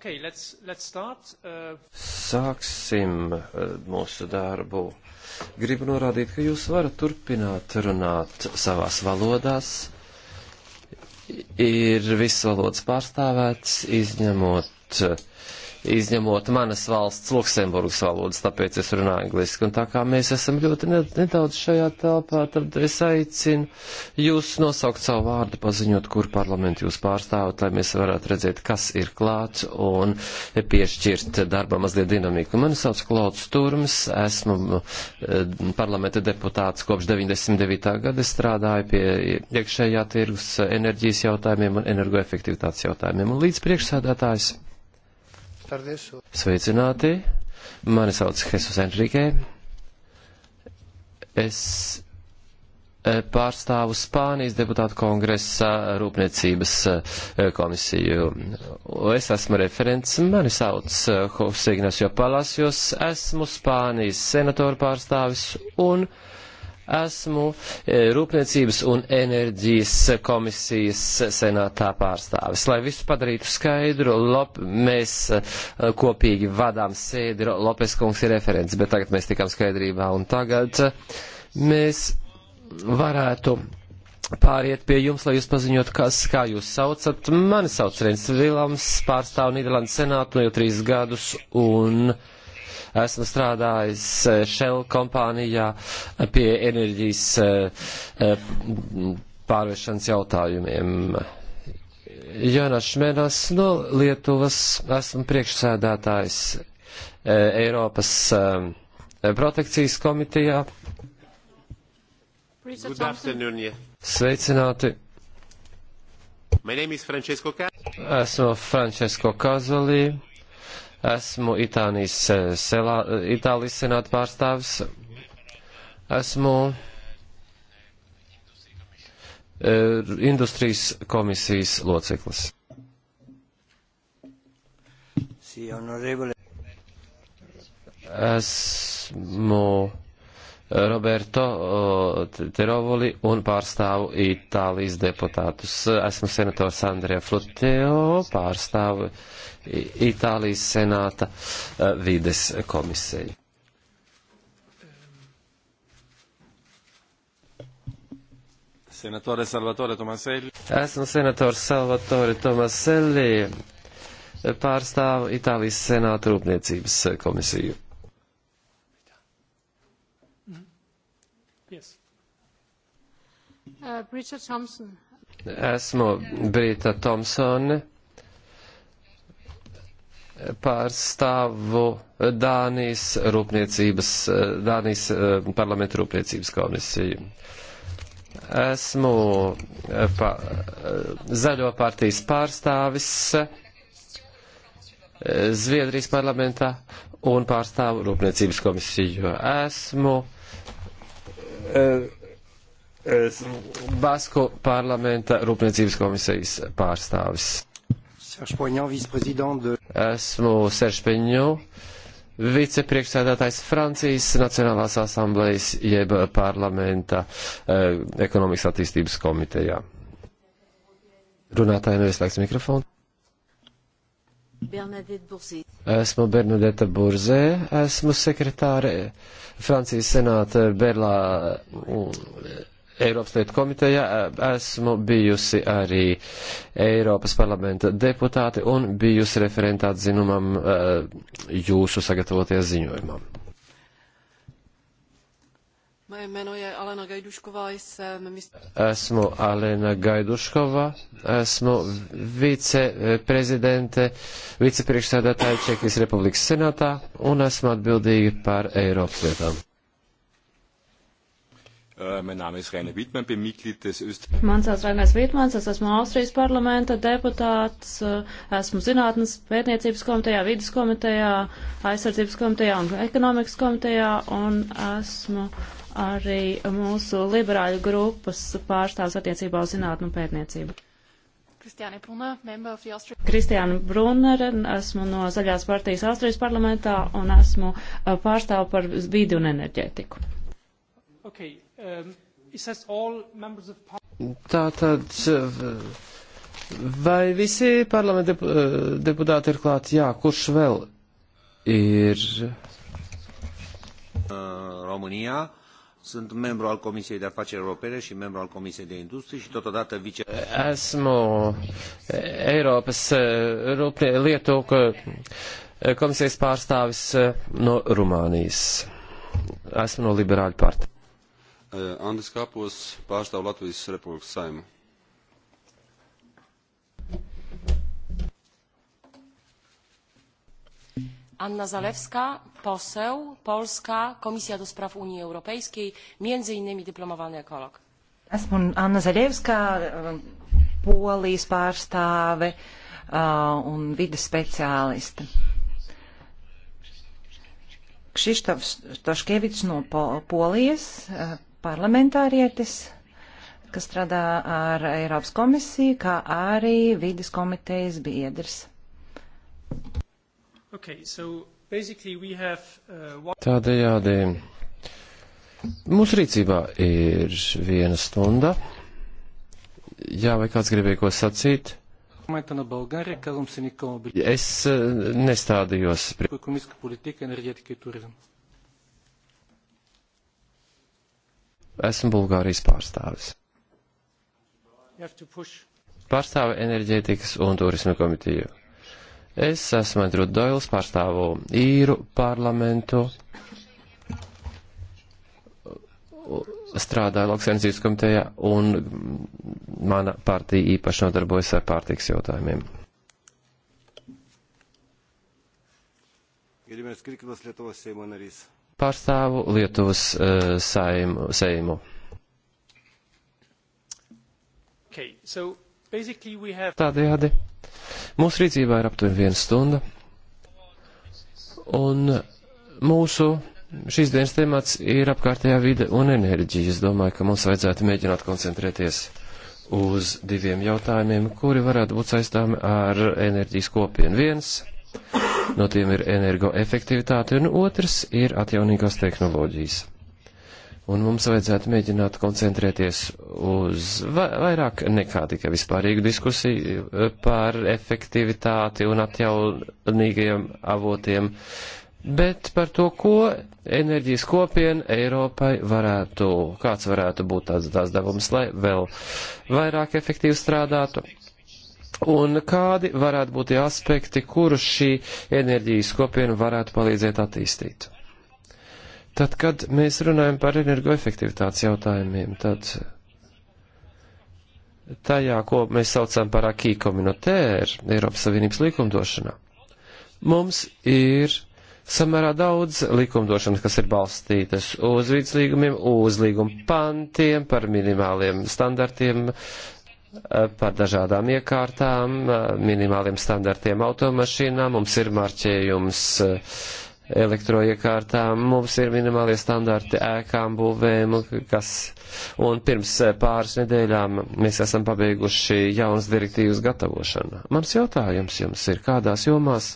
Okay, let's, let's start, uh... Sāksim uh, mūsu darbu. Gribu norādīt, ka jūs varat turpināt runāt savās valodās. Ir viss valodas pārstāvēts, izņemot uh, izņemot manas valsts Luksemburgas valodas, tāpēc es runāju angliski. Un tā kā mēs esam ļoti nedaudz šajā telpā, tad es aicinu jūs nosaukt savu vārdu, paziņot, kur parlamentu jūs pārstāvat, lai mēs varētu redzēt, kas ir klāts un piešķirt darbā mazliet dinamiku. Mani sauc Klauds Turms, esmu eh, parlamenta deputāts kopš 99. gada, strādāju pie iekšējā tirgus enerģijas jautājumiem un energoefektivitātes jautājumiem. Un līdz priekšsēdētājs. Sveicināti! Mani sauc Jesus Enrique. Es eh, pārstāvu Spānijas deputātu kongresa eh, rūpniecības eh, komisiju. Es esmu referents, mani sauc Jose Ignacio Palacios, esmu Spānijas senatoru pārstāvis un uh, Esmu e, Rūpniecības un enerģijas komisijas senātā pārstāvis. Lai visu padarītu skaidru, lop, mēs e, kopīgi vadām sēdi, Lopes kungs ir referents, bet tagad mēs tikām skaidrībā un tagad e, mēs varētu pāriet pie jums, lai jūs paziņot, kas, kā jūs saucat. Mani sauc Rens Vilams, pārstāvu Nīderlandes senātu no jau trīs gadus un. Uh, Esmu strādājis eh, Shell kompānijā eh, pie enerģijas eh, pārvešanas jautājumiem. Jonas Šmenas no Lietuvas esmu priekšsēdētājs Eiropas protekcijas komitejā. Sveicināti! Esmu Francesco Kazolī Esmu Itānijas, e, selā, Itālijas senāta pārstāvis. Esmu e, industrijas komisijas loceklis. Esmu Roberto e, Terovoli un pārstāvu Itālijas deputātus. Esmu senators Andrija Fluteo, pārstāvu Itālijas senāta eh, vides komisiju. Senatore Salvatore Tomaselli. Esmu senators Salvatore Tomaselli, pārstāvu Itālijas senāta rūpniecības komisiju. Yes. Uh, Esmu Brita Thompsone pārstāvu Dānijas rūpniecības, Dānijas eh, parlamentu rūpniecības komisiju. Esmu eh, pa, eh, zaļo partijas pārstāvis Zviedrijas parlamentā un pārstāvu rūpniecības komisiju. Esmu Basku parlamenta rūpniecības komisijas pārstāvis. Esmu Seršpeņo, vicepriekšsēdētājs Francijas Nacionālās asamblejas jeb parlamenta eh, ekonomikas attīstības komitejā. Runātāji neieslēgs nu, mikrofonu. Esmu Bernadeta Burzē, esmu sekretāre Francijas senāta Berlā Eiropas lietu komitejā, esmu bijusi arī Eiropas parlamenta deputāte un bijusi referentā atzinumam eh, jūsu sagatavoties ziņojumam. Moje jméno je Alena Gajdušková, jsem míst... Esmu Alena Gajdušková, esmu viceprezidente, vicepriekšsēdētāja Čehijas Republikas senātā un esmu atbildīga par Eiropas lietām. Äh, mein Name ist Rainer Wittmann, bin Mitglied des Österreichischen. Mans sauc Rainēs Vitmans, es esmu Austrijas parlamenta deputāts, äh, esmu zinātnes pētniecības komitejā, vidas komitejā, aizsardzības komitejā un ekonomikas komitejā un esmu arī mūsu liberāļu grupas pārstāvs attiecībā uz zinātnu un pētniecību. Kristiāna Brunner, Brunner, esmu no Zaļās partijas Austrijas parlamentā un esmu pārstāv par vidi un enerģētiku. Okay. Um, Tātad, vai visi parlamenta eh, deputāti ir klāt? Jā, kurš vēl ir? România. Sunt membru al Comisiei de Afaceri Europene și membru al Comisiei de Industrie și totodată vice... Esmu Eiropas eh, lietu eh, komisijas pārstāvis no Rumānijas. Esmu no Liberāļu partijas. Eh, Andis Kapos pārstāv Latvijas Republikas saimu. Anna Zalewska, poseł, Polska, Komisja do Spraw Unii Europejskiej, między innymi dyplomowany ekolog. Esmu Anna Zaļevska, eh, polijas pārstāve eh, un vidas speciāliste. Kšištofs Toškevičs no Polijas, parlamentārietis, kas strādā ar Eiropas komisiju, kā arī vidas komitejas biedrs. Okay, so have, uh, one... Tādējādi mūsu rīcībā ir viena stunda. Jā, vai kāds gribēja ko sacīt? Es eh, nestādījos. Prie... esmu Bulgārijas pārstāvis. Pārstāvu enerģētikas un turisma komitiju. Es esmu Andrūda Doils, pārstāvu īru parlamentu, strādāju lauksainicības komitejā un mana partija īpaši nodarbojas ar pārtiks jautājumiem. Gerbiamas Kirkilas Lietuvos Seimo narys pārstāvu Lietuvas uh, saimu. saimu. Okay, so have... Tādējādi mūsu rīcībā ir aptuveni viena stunda, un mūsu šīs dienas temats ir apkārtējā vide un enerģija. Es domāju, ka mums vajadzētu mēģināt koncentrēties uz diviem jautājumiem, kuri varētu būt saistāmi ar enerģijas kopienu. Viens No tiem ir energoefektivitāte, un otrs ir atjaunīgās tehnoloģijas. Un mums vajadzētu mēģināt koncentrēties uz vairāk nekā tikai vispārīgu diskusiju eh, par efektivitāti un atjaunīgajiem avotiem, bet par to, ko enerģijas kopiena Eiropai varētu, kāds varētu būt tāds tās devums, lai vēl vairāk efektīvi strādātu. Un kādi varētu būt tie aspekti, kuru šī enerģijas kopiena varētu palīdzēt attīstīt? Tad, kad mēs runājam par energoefektivitātes jautājumiem, tad tajā, ko mēs saucam par akī komunitēru Eiropas Savienības likumdošanā, mums ir samērā daudz likumdošanas, kas ir balstītas uz vidas līgumiem, uz līguma pantiem, par minimāliem standartiem par dažādām iekārtām, minimāliem standartiem automašīnām, mums ir marķējums eh, elektroiekārtām, mums ir minimālie standarti ēkām, būvēm, kas, un pirms eh, pāris nedēļām mēs esam pabeiguši jaunas direktīvas gatavošanu. Mans jautājums jums ir, kādās jomās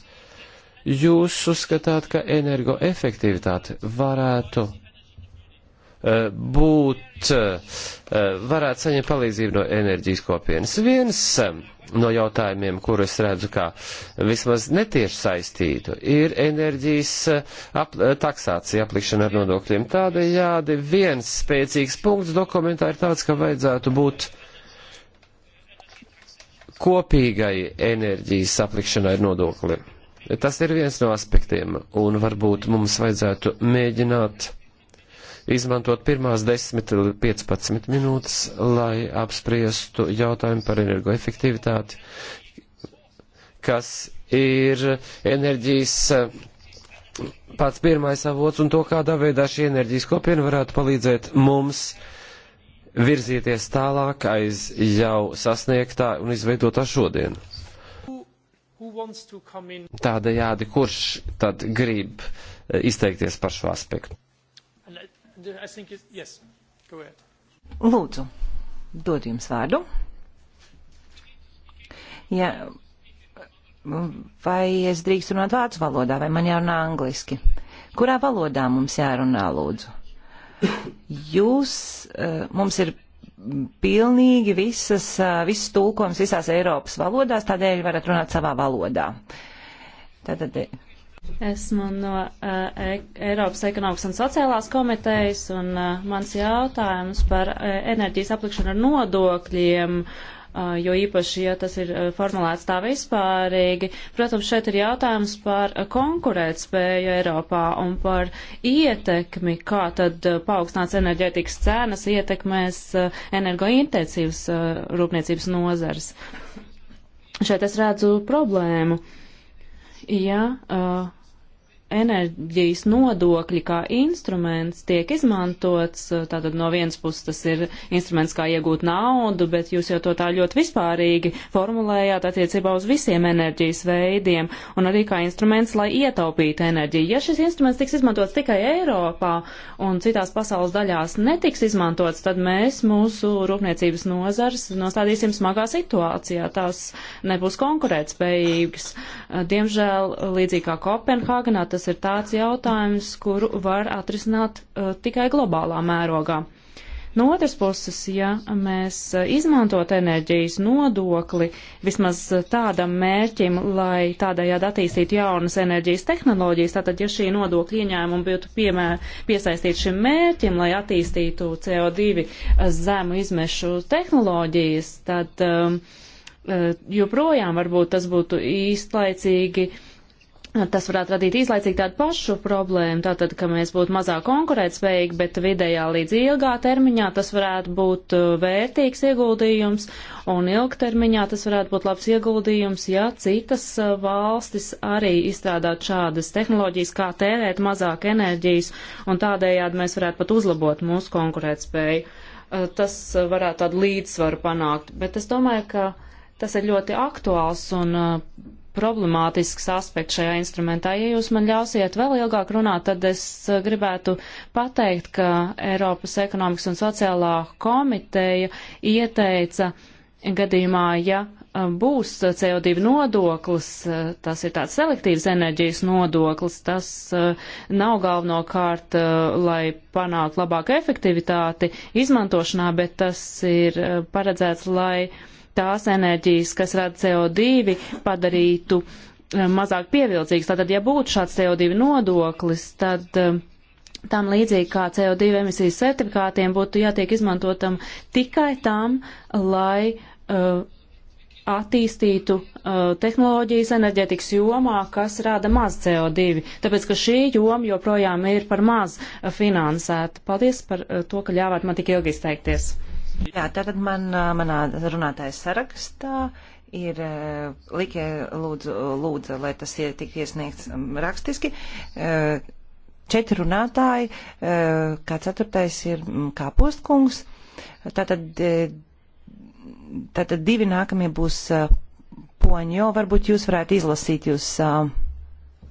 jūs uzskatāt, ka energoefektivitāte varētu būt, eh, varētu saņemt palīdzību no enerģijas kopienas. Viens eh, no jautājumiem, kuru es redzu kā vismaz netieši saistītu, ir enerģijas eh, ap, taksācija aplikšana ar nodokļiem. Tādējādi viens spēcīgs punkts dokumentā ir tāds, ka vajadzētu būt kopīgai enerģijas aplikšanai ar nodokļiem. Tas ir viens no aspektiem, un varbūt mums vajadzētu mēģināt izmantot pirmās 10-15 minūtes, lai apspriestu jautājumu par energoefektivitāti, kas ir enerģijas eh, pats pirmais avots un to, kādā veidā šī enerģijas kopiena varētu palīdzēt mums virzīties tālāk aiz jau sasniegtā un izveidotā šodien. Tādējādi, kurš tad grib eh, izteikties par šo aspektu? I think it's, yes. Go ahead. Lūdzu, dod jums vārdu. Ja, vai es drīkst runāt vācu valodā, vai man jārunā angliski? Kurā valodā mums jārunā, lūdzu? Jūs, eh, mums ir pilnīgi visas, eh, visas tulkojums visās Eiropas valodās, tādēļ varat runāt savā valodā. Tātad eh, Esmu no uh, Eiropas ekonomikas un sociālās komitejas, un uh, mans jautājums par uh, enerģijas aplikšanu ar nodokļiem, uh, jo īpaši, ja tas ir uh, formulēts tā vispārīgi, protams, šeit ir jautājums par uh, konkurētspēju Eiropā un par ietekmi, kā tad uh, paaugstināts enerģētikas cenas ietekmēs uh, energointensīvas uh, rūpniecības nozars. Šeit es redzu problēmu. Uh, ja uh, enerģijas nodokļi kā instruments tiek izmantots. Tātad no vienas puses tas ir instruments, kā iegūt naudu, bet jūs jau to tā ļoti vispārīgi formulējāt attiecībā uz visiem enerģijas veidiem un arī kā instruments, lai ietaupītu enerģiju. Ja šis instruments tiks izmantots tikai Eiropā un citās pasaules daļās netiks izmantots, tad mēs mūsu rūpniecības nozars nostādīsim smagā situācijā. Tās nebūs konkurētspējīgas. Diemžēl, līdzīgi kā Kopenhāgenā, tas tas ir tāds jautājums, kuru var atrisināt uh, tikai globālā mērogā. No otras puses, ja mēs uh, izmantot enerģijas nodokli vismaz uh, tādam mērķim, lai tādējādi attīstītu jaunas enerģijas tehnoloģijas, tātad ja šī nodokļa ieņēmuma būtu piemē, piesaistīta šim mērķim, lai attīstītu CO2 zemu izmešu tehnoloģijas, tad um, uh, joprojām varbūt tas būtu īstlaicīgi uh, tas varētu radīt īslaicīgi tādu pašu problēmu, tātad, ka mēs būtu mazāk konkurētspējīgi, bet vidējā līdz ilgā termiņā tas varētu būt uh, vērtīgs ieguldījums, un ilgtermiņā tas varētu būt labs ieguldījums, ja citas uh, valstis arī izstrādāt šādas tehnoloģijas, kā tērēt mazāk enerģijas, un tādējādi mēs varētu pat uzlabot mūsu konkurētspēju. Uh, tas varētu tādu līdzsvaru panākt, bet es domāju, ka tas ir ļoti aktuāls un problemātisks aspekts šajā instrumentā. Ja jūs man ļausiet vēl ilgāk runāt, tad es eh, gribētu pateikt, ka Eiropas ekonomikas un sociālā komiteja ieteica gadījumā, ja eh, būs CO2 nodoklis, eh, tas ir tāds selektīvs enerģijas nodoklis, tas nav galvenokārt, lai panāktu labāku efektivitāti izmantošanā, bet tas ir paredzēts, lai tās enerģijas, kas rada CO2, padarītu eh, mazāk pievilcīgas. Tātad, ja būtu šāds CO2 nodoklis, tad eh, tam līdzīgi kā CO2 emisijas certifikātiem būtu jātiek izmantotam tikai tam, lai uh, attīstītu uh, tehnoloģijas enerģētikas jomā, kas rada maz CO2, tāpēc ka šī joma joprojām ir par maz finansēta. Paldies par uh, to, ka ļāvāt man tik ilgi izteikties. Jā, tātad man, manā runātājas sarakstā ir Likē lūdzu, lūdzu, lai tas ir tik iesniegts rakstiski. Četri runātāji, kā ceturtais ir Kāpostkungs. Tātad, tātad divi nākamie būs Poņo. Varbūt jūs varētu izlasīt jūs. Uh,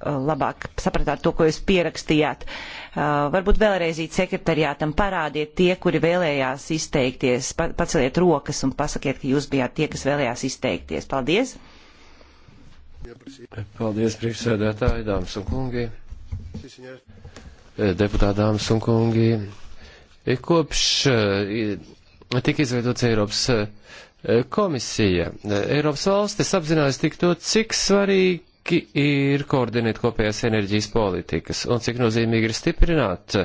Uh, labāk sapratāt to, ko jūs pierakstījāt. Uh, varbūt vēlreiz īt sekretariātam parādiet tie, kuri vēlējās izteikties, paceliet rokas un pasakiet, ka jūs bijāt tie, kas vēlējās izteikties. Paldies! Paldies, priekšsēdētāji, dāmas un kungi! Deputāti, dāmas un kungi! Kopš uh, tika izveidots Eiropas komisija, Eiropas valstis apzinās tik to, cik svarīgi būtiski ir koordinēt kopējās enerģijas politikas un cik nozīmīgi ir stiprināt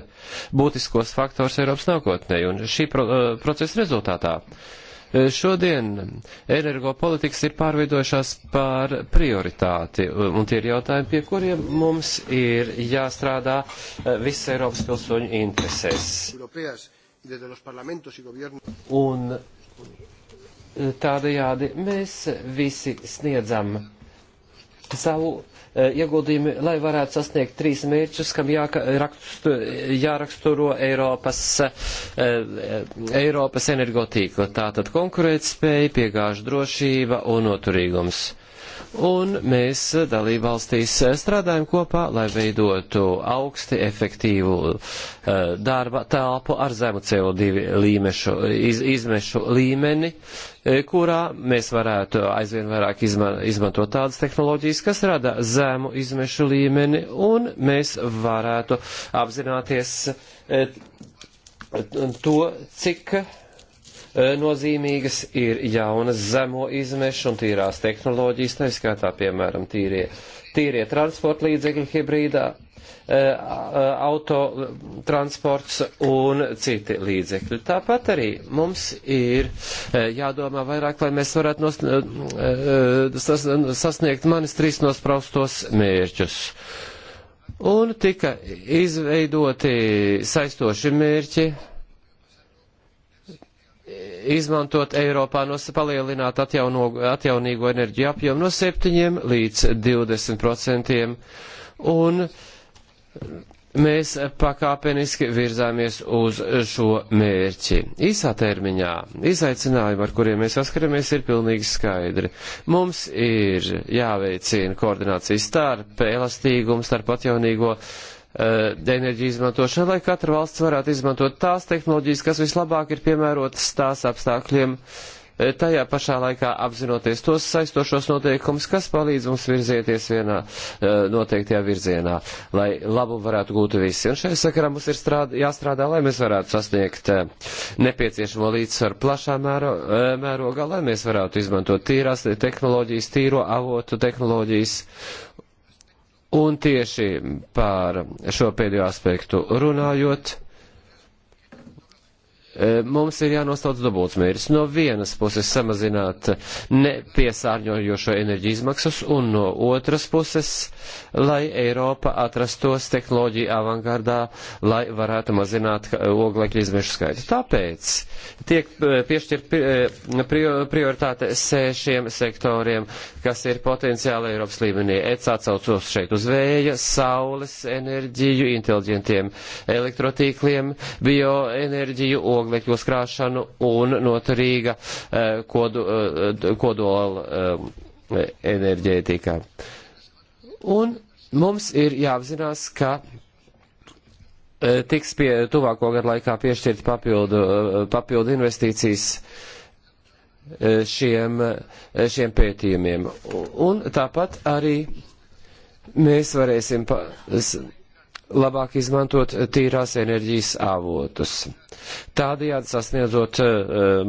būtiskos faktors Eiropas nākotnē un šī pro, eh, procesa rezultātā. Eh, šodien energopolitikas ir pārveidojušās par prioritāti, un tie ir jautājumi, pie kuriem mums ir jāstrādā eh, visas Eiropas pilsoņu interesēs. Un tādajādi mēs visi sniedzam savu e, ieguldījumi, lai varētu sasniegt trīs mērķus, kam jārakstu, jāraksturo Eiropas, e, e, Eiropas energotīkla. Tātad konkurētspēja, piegāžu drošība un noturīgums un mēs dalībvalstīs strādājam kopā, lai veidotu augsti efektīvu uh, darba telpu ar zemu CO2 līmešu, iz, izmešu līmeni, eh, kurā mēs varētu aizvien vairāk izma, izmantot tādas tehnoloģijas, kas rada zemu izmešu līmeni, un mēs varētu apzināties uh, to, cik uh, nozīmīgas ir jaunas zemo izmešu un tīrās tehnoloģijas, taiskaitā, piemēram, tīrie, tīrie transporta līdzekļi hibrīdā, autotransports un citi līdzekļi. Tāpat arī mums ir jādomā vairāk, lai mēs varētu nos, sas, sasniegt manis trīs nospraustos mērķus. Un tika izveidoti saistoši mērķi izmantot Eiropā no palielināt atjauno, atjaunīgo enerģiju apjomu no 7 līdz 20 procentiem. Un mēs pakāpeniski virzāmies uz šo mērķi. Īsā termiņā izaicinājumi, ar kuriem mēs saskaramies, ir pilnīgi skaidri. Mums ir jāveicina koordinācija starp elastīgumu, starp atjaunīgo uh, Eh, enerģiju izmantošanu, lai katra valsts varētu izmantot tās tehnoloģijas, kas vislabāk ir piemērotas tās apstākļiem, eh, tajā pašā laikā apzinoties tos saistošos noteikumus, kas palīdz mums virzieties vienā eh, noteiktajā virzienā, lai labu varētu gūt visi. Un šajā sakarā mums ir strādā, jāstrādā, lai mēs varētu sasniegt nepieciešamo līdzsvaru plašā mēro, mērogā, lai mēs varētu izmantot tīrās tehnoloģijas, tīro avotu tehnoloģijas Un tieši par šo pēdējo aspektu runājot, E, mums ir jānostāda dubults mērķis. No vienas puses samazināt nepiesārņojošo enerģiju izmaksas, un no otras puses, lai Eiropa atrastos tehnoloģiju avangardā, lai varētu mazināt oglekļa izmešu skaitu. Tāpēc tiek e, piešķirt e, prioritāte sešiem sektoriem, kas ir potenciāli Eiropas līmenī. ECA atsaucos šeit uz vēja, saules enerģiju, inteliģentiem elektrotīkliem, bioenerģiju, oglekļu oglekļu uzkrāšanu un noturīga eh, kodu, eh, kodola eh, enerģētika. Un mums ir jāapzinās, ka tiks pie tuvāko gadu laikā piešķirt papildu, papildu investīcijas šiem, šiem pētījumiem. Un tāpat arī mēs varēsim pa, labāk izmantot tīrās enerģijas avotus. Tādējādi sasniedzot uh,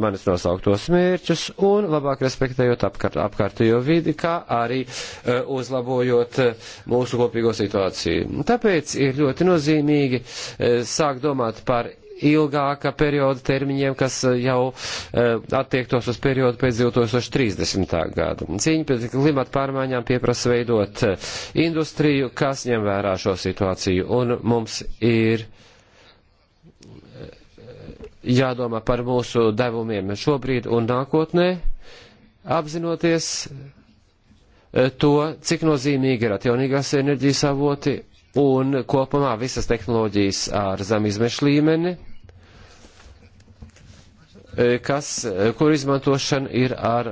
manis nosauktos mērķus un labāk respektējot apkārt, apkārtējo vidi, kā arī uh, uzlabojot uh, mūsu kopīgo situāciju. Tāpēc ir ļoti nozīmīgi uh, sākt domāt par ilgāka perioda termiņiem, kas eh, jau eh, attiektos uz periodu pēc 2030. gada. Cīņa pret klimata pārmaiņām pieprasa veidot eh, industriju, kas ņem vērā šo situāciju, un mums ir jādomā par mūsu devumiem šobrīd un nākotnē, apzinoties to, cik nozīmīgi ir atjaunīgās enerģijas avoti un kopumā visas tehnoloģijas ar zem izmešu līmeni, E, kas, e, kur izmantošana ir ar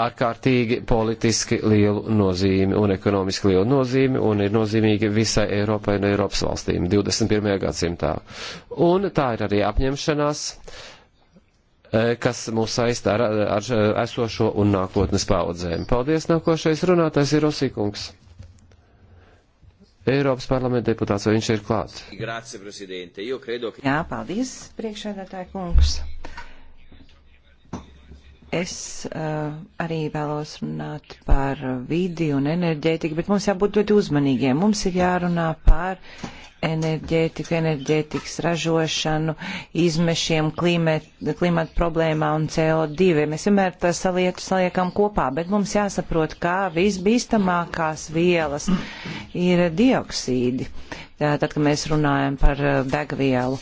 ārkārtīgi politiski lielu nozīmi un ekonomiski lielu nozīmi un ir nozīmīgi visai Eiropai un Eiropas valstīm 21. gadsimtā. Un tā ir arī apņemšanās, e, kas mūs saista ar, ar esošo un nākotnes paudzēm. Paldies, nākošais runātais ir Osīkungs. Eiropas parlamenta deputāts, vai viņš ir klāts? Jā, paldies, priekšēdētāji kungs. Es uh, arī vēlos runāt par vidi un enerģētiku, bet mums jābūt ļoti uzmanīgiem. Mums ir jārunā par enerģētiku, enerģētikas ražošanu, izmešiem, klīmet, klimata problēmā un CO2. Mēs vienmēr tas salietu saliekam kopā, bet mums jāsaprot, kā visbīstamākās vielas ir dioksīdi, tad, kad mēs runājam par eh, degvielu.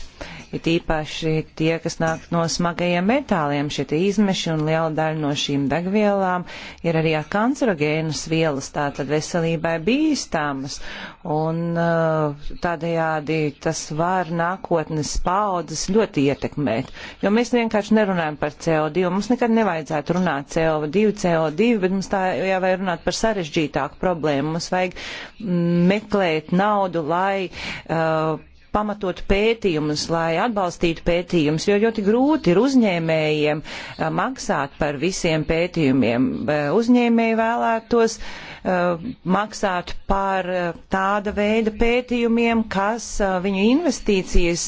Ir īpaši tie, kas nāk no smagajiem metāliem, šie izmeši un liela daļa no šīm degvielām ir arī kancerogēnas vielas, tātad veselībai bīstamas. Un eh, tāda tādējādi tas var nākotnes paudzes ļoti ietekmēt. Jo mēs vienkārši nerunājam par CO2. Mums nekad nevajadzētu runāt CO2, CO2, bet mums tā jāvajag runāt par sarežģītāku problēmu. Mums vajag mm, meklēt naudu, lai. Uh, pamatot pētījumus, lai atbalstītu pētījumus, jo ļoti grūti ir uzņēmējiem uh, maksāt par visiem pētījumiem. Uh, uzņēmēji vēlētos uh, Uh, maksāt par uh, tāda veida pētījumiem, kas uh, viņu investīcijas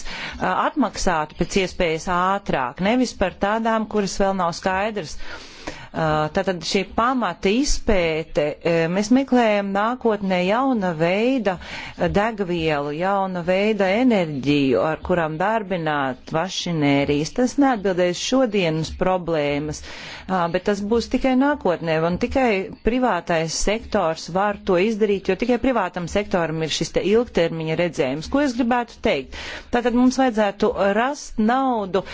atmaksātu pēc iespējas ātrāk, nevis par tādām, kuras vēl nav skaidrs. Uh, Tātad šī pamata izpēte, mēs meklējam nākotnē jauna veida degvielu, jauna veida enerģiju, ar kurām darbināt mašinērijas. Tas neatbildēs šodienas problēmas, bet tas būs tikai nākotnē, un tikai privātais sektors var to izdarīt, jo tikai privātam sektoram ir šis te ilgtermiņa redzējums. Ko es gribētu teikt? Tātad mums vajadzētu rast naudu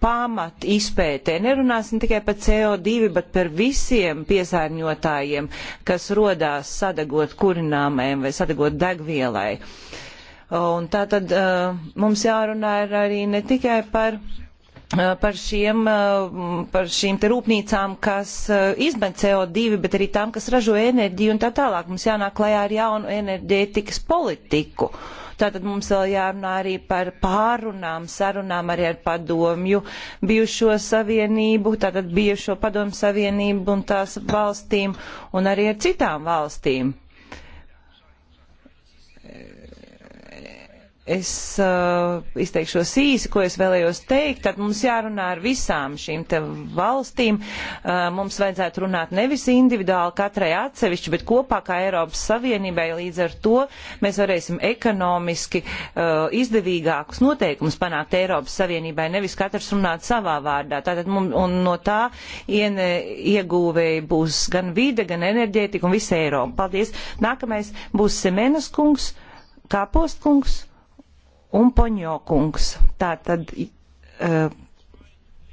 pamat izpētē. Nerunāsim tikai par CO2, bet par visiem piesārņotājiem, kas rodās sadagot kurināmēm vai sadagot degvielai. Un tā tad uh, mums jārunā ir arī ne tikai par, uh, par, šiem, uh, par šīm te rūpnīcām, kas uh, izmet CO2, bet arī tām, kas ražo enerģiju un tā tālāk. Mums jānāk klajā ar jaunu enerģētikas politiku. Uh, Tātad mums vēl jārunā arī par pārunām, sarunām arī ar padomju bijušo savienību, tātad bijušo padomju savienību un tās valstīm un arī ar citām valstīm. es uh, izteikšos īsi, ko es vēlējos teikt, tad mums jārunā ar visām šīm te valstīm. Uh, mums vajadzētu runāt nevis individuāli katrai atsevišķi, bet kopā kā Eiropas Savienībai. Līdz ar to mēs varēsim ekonomiski uh, izdevīgākus noteikumus panākt Eiropas Savienībai, nevis katrs runāt savā vārdā. Tātad mums, un no tā ien, ieguvēji būs gan vide, gan enerģētika un visa Eiropa. Paldies. Nākamais būs Semenas kungs, Kāpost kungs un Poņokungs. Tātad, e,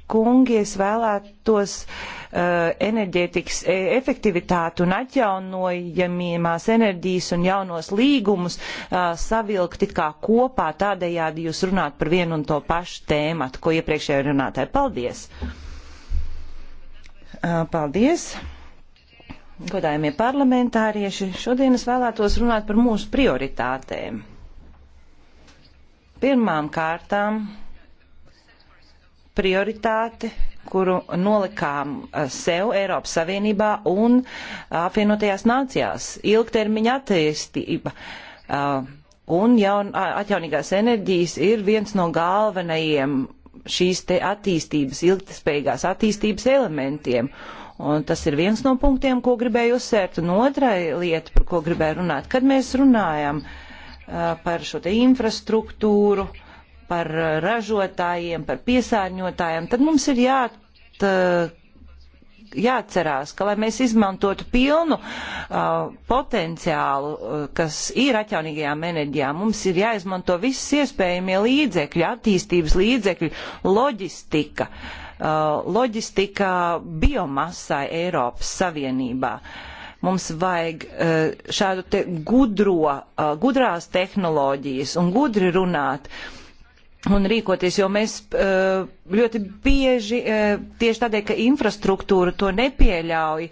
kungi, es vēlētos e, enerģētikas e, efektivitāti un atjaunojamās enerģijas un jaunos līgumus savilkt it kā kopā, tādējādi jūs runāt par vienu un to pašu tēmatu, ko iepriekšējā runātāja. Paldies! Paldies! Godājumie parlamentārieši, šodien es vēlētos runāt par mūsu prioritātēm. Pirmām kārtām prioritāte, kuru nolikām eh, sev Eiropas Savienībā un apvienotajās nācijās - ilgtermiņa attīstība. Eh, un jaun, atjaunīgās enerģijas ir viens no galvenajiem šīs te attīstības, ilgtspējīgās attīstības elementiem. Un tas ir viens no punktiem, ko gribēju uzsvērt. Un otra lieta, par ko gribēju runāt, kad mēs runājam uh, Eh, par šo te infrastruktūru, par ražotājiem, par piesārņotājiem, tad mums ir jāt, eh, jāatcerās, ka, lai mēs izmantotu pilnu uh, potenciālu, uh, kas ir atjaunīgajām enerģijām, mums ir jāizmanto visas iespējamie līdzekļi, attīstības līdzekļi, loģistika, uh, loģistika biomasai Eiropas Savienībā. Uh, Mums vajag eh, šādu te gudro, eh, gudrās tehnoloģijas un gudri runāt un rīkoties, jo mēs eh, ļoti bieži, tieši tādēļ, ka infrastruktūra to nepieļauj,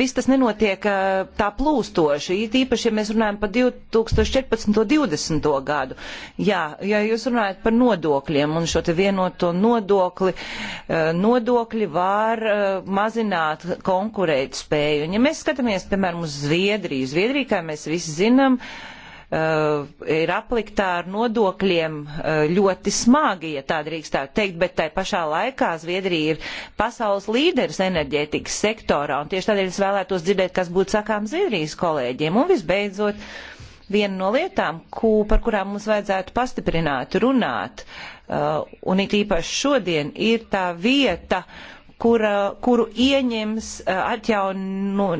viss tas nenotiek tā plūstoši, it īpaši, ja mēs runājam par 2014. un 2020. gadu. Jā, ja jūs runājat par nodokļiem un šo te vienoto nodokli, nodokļi var mazināt konkurēt spēju. Un ja mēs skatāmies, piemēram, uz Zviedriju, Zviedrija, kā mēs visi zinām, uh, Eh, ir apliktā ar nodokļiem eh, ļoti smagi, ja tā drīkstētu teikt, bet tai pašā laikā Zviedrija ir pasaules līderis enerģētikas sektorā, un tieši tādēļ es vēlētos dzirdēt, kas būtu sakām Zviedrijas kolēģiem. Un visbeidzot, viena no lietām, ku, par kurām mums vajadzētu pastiprināt, runāt, uh, un it īpaši šodien, ir tā vieta, kura, kuru ieņems uh, atjauno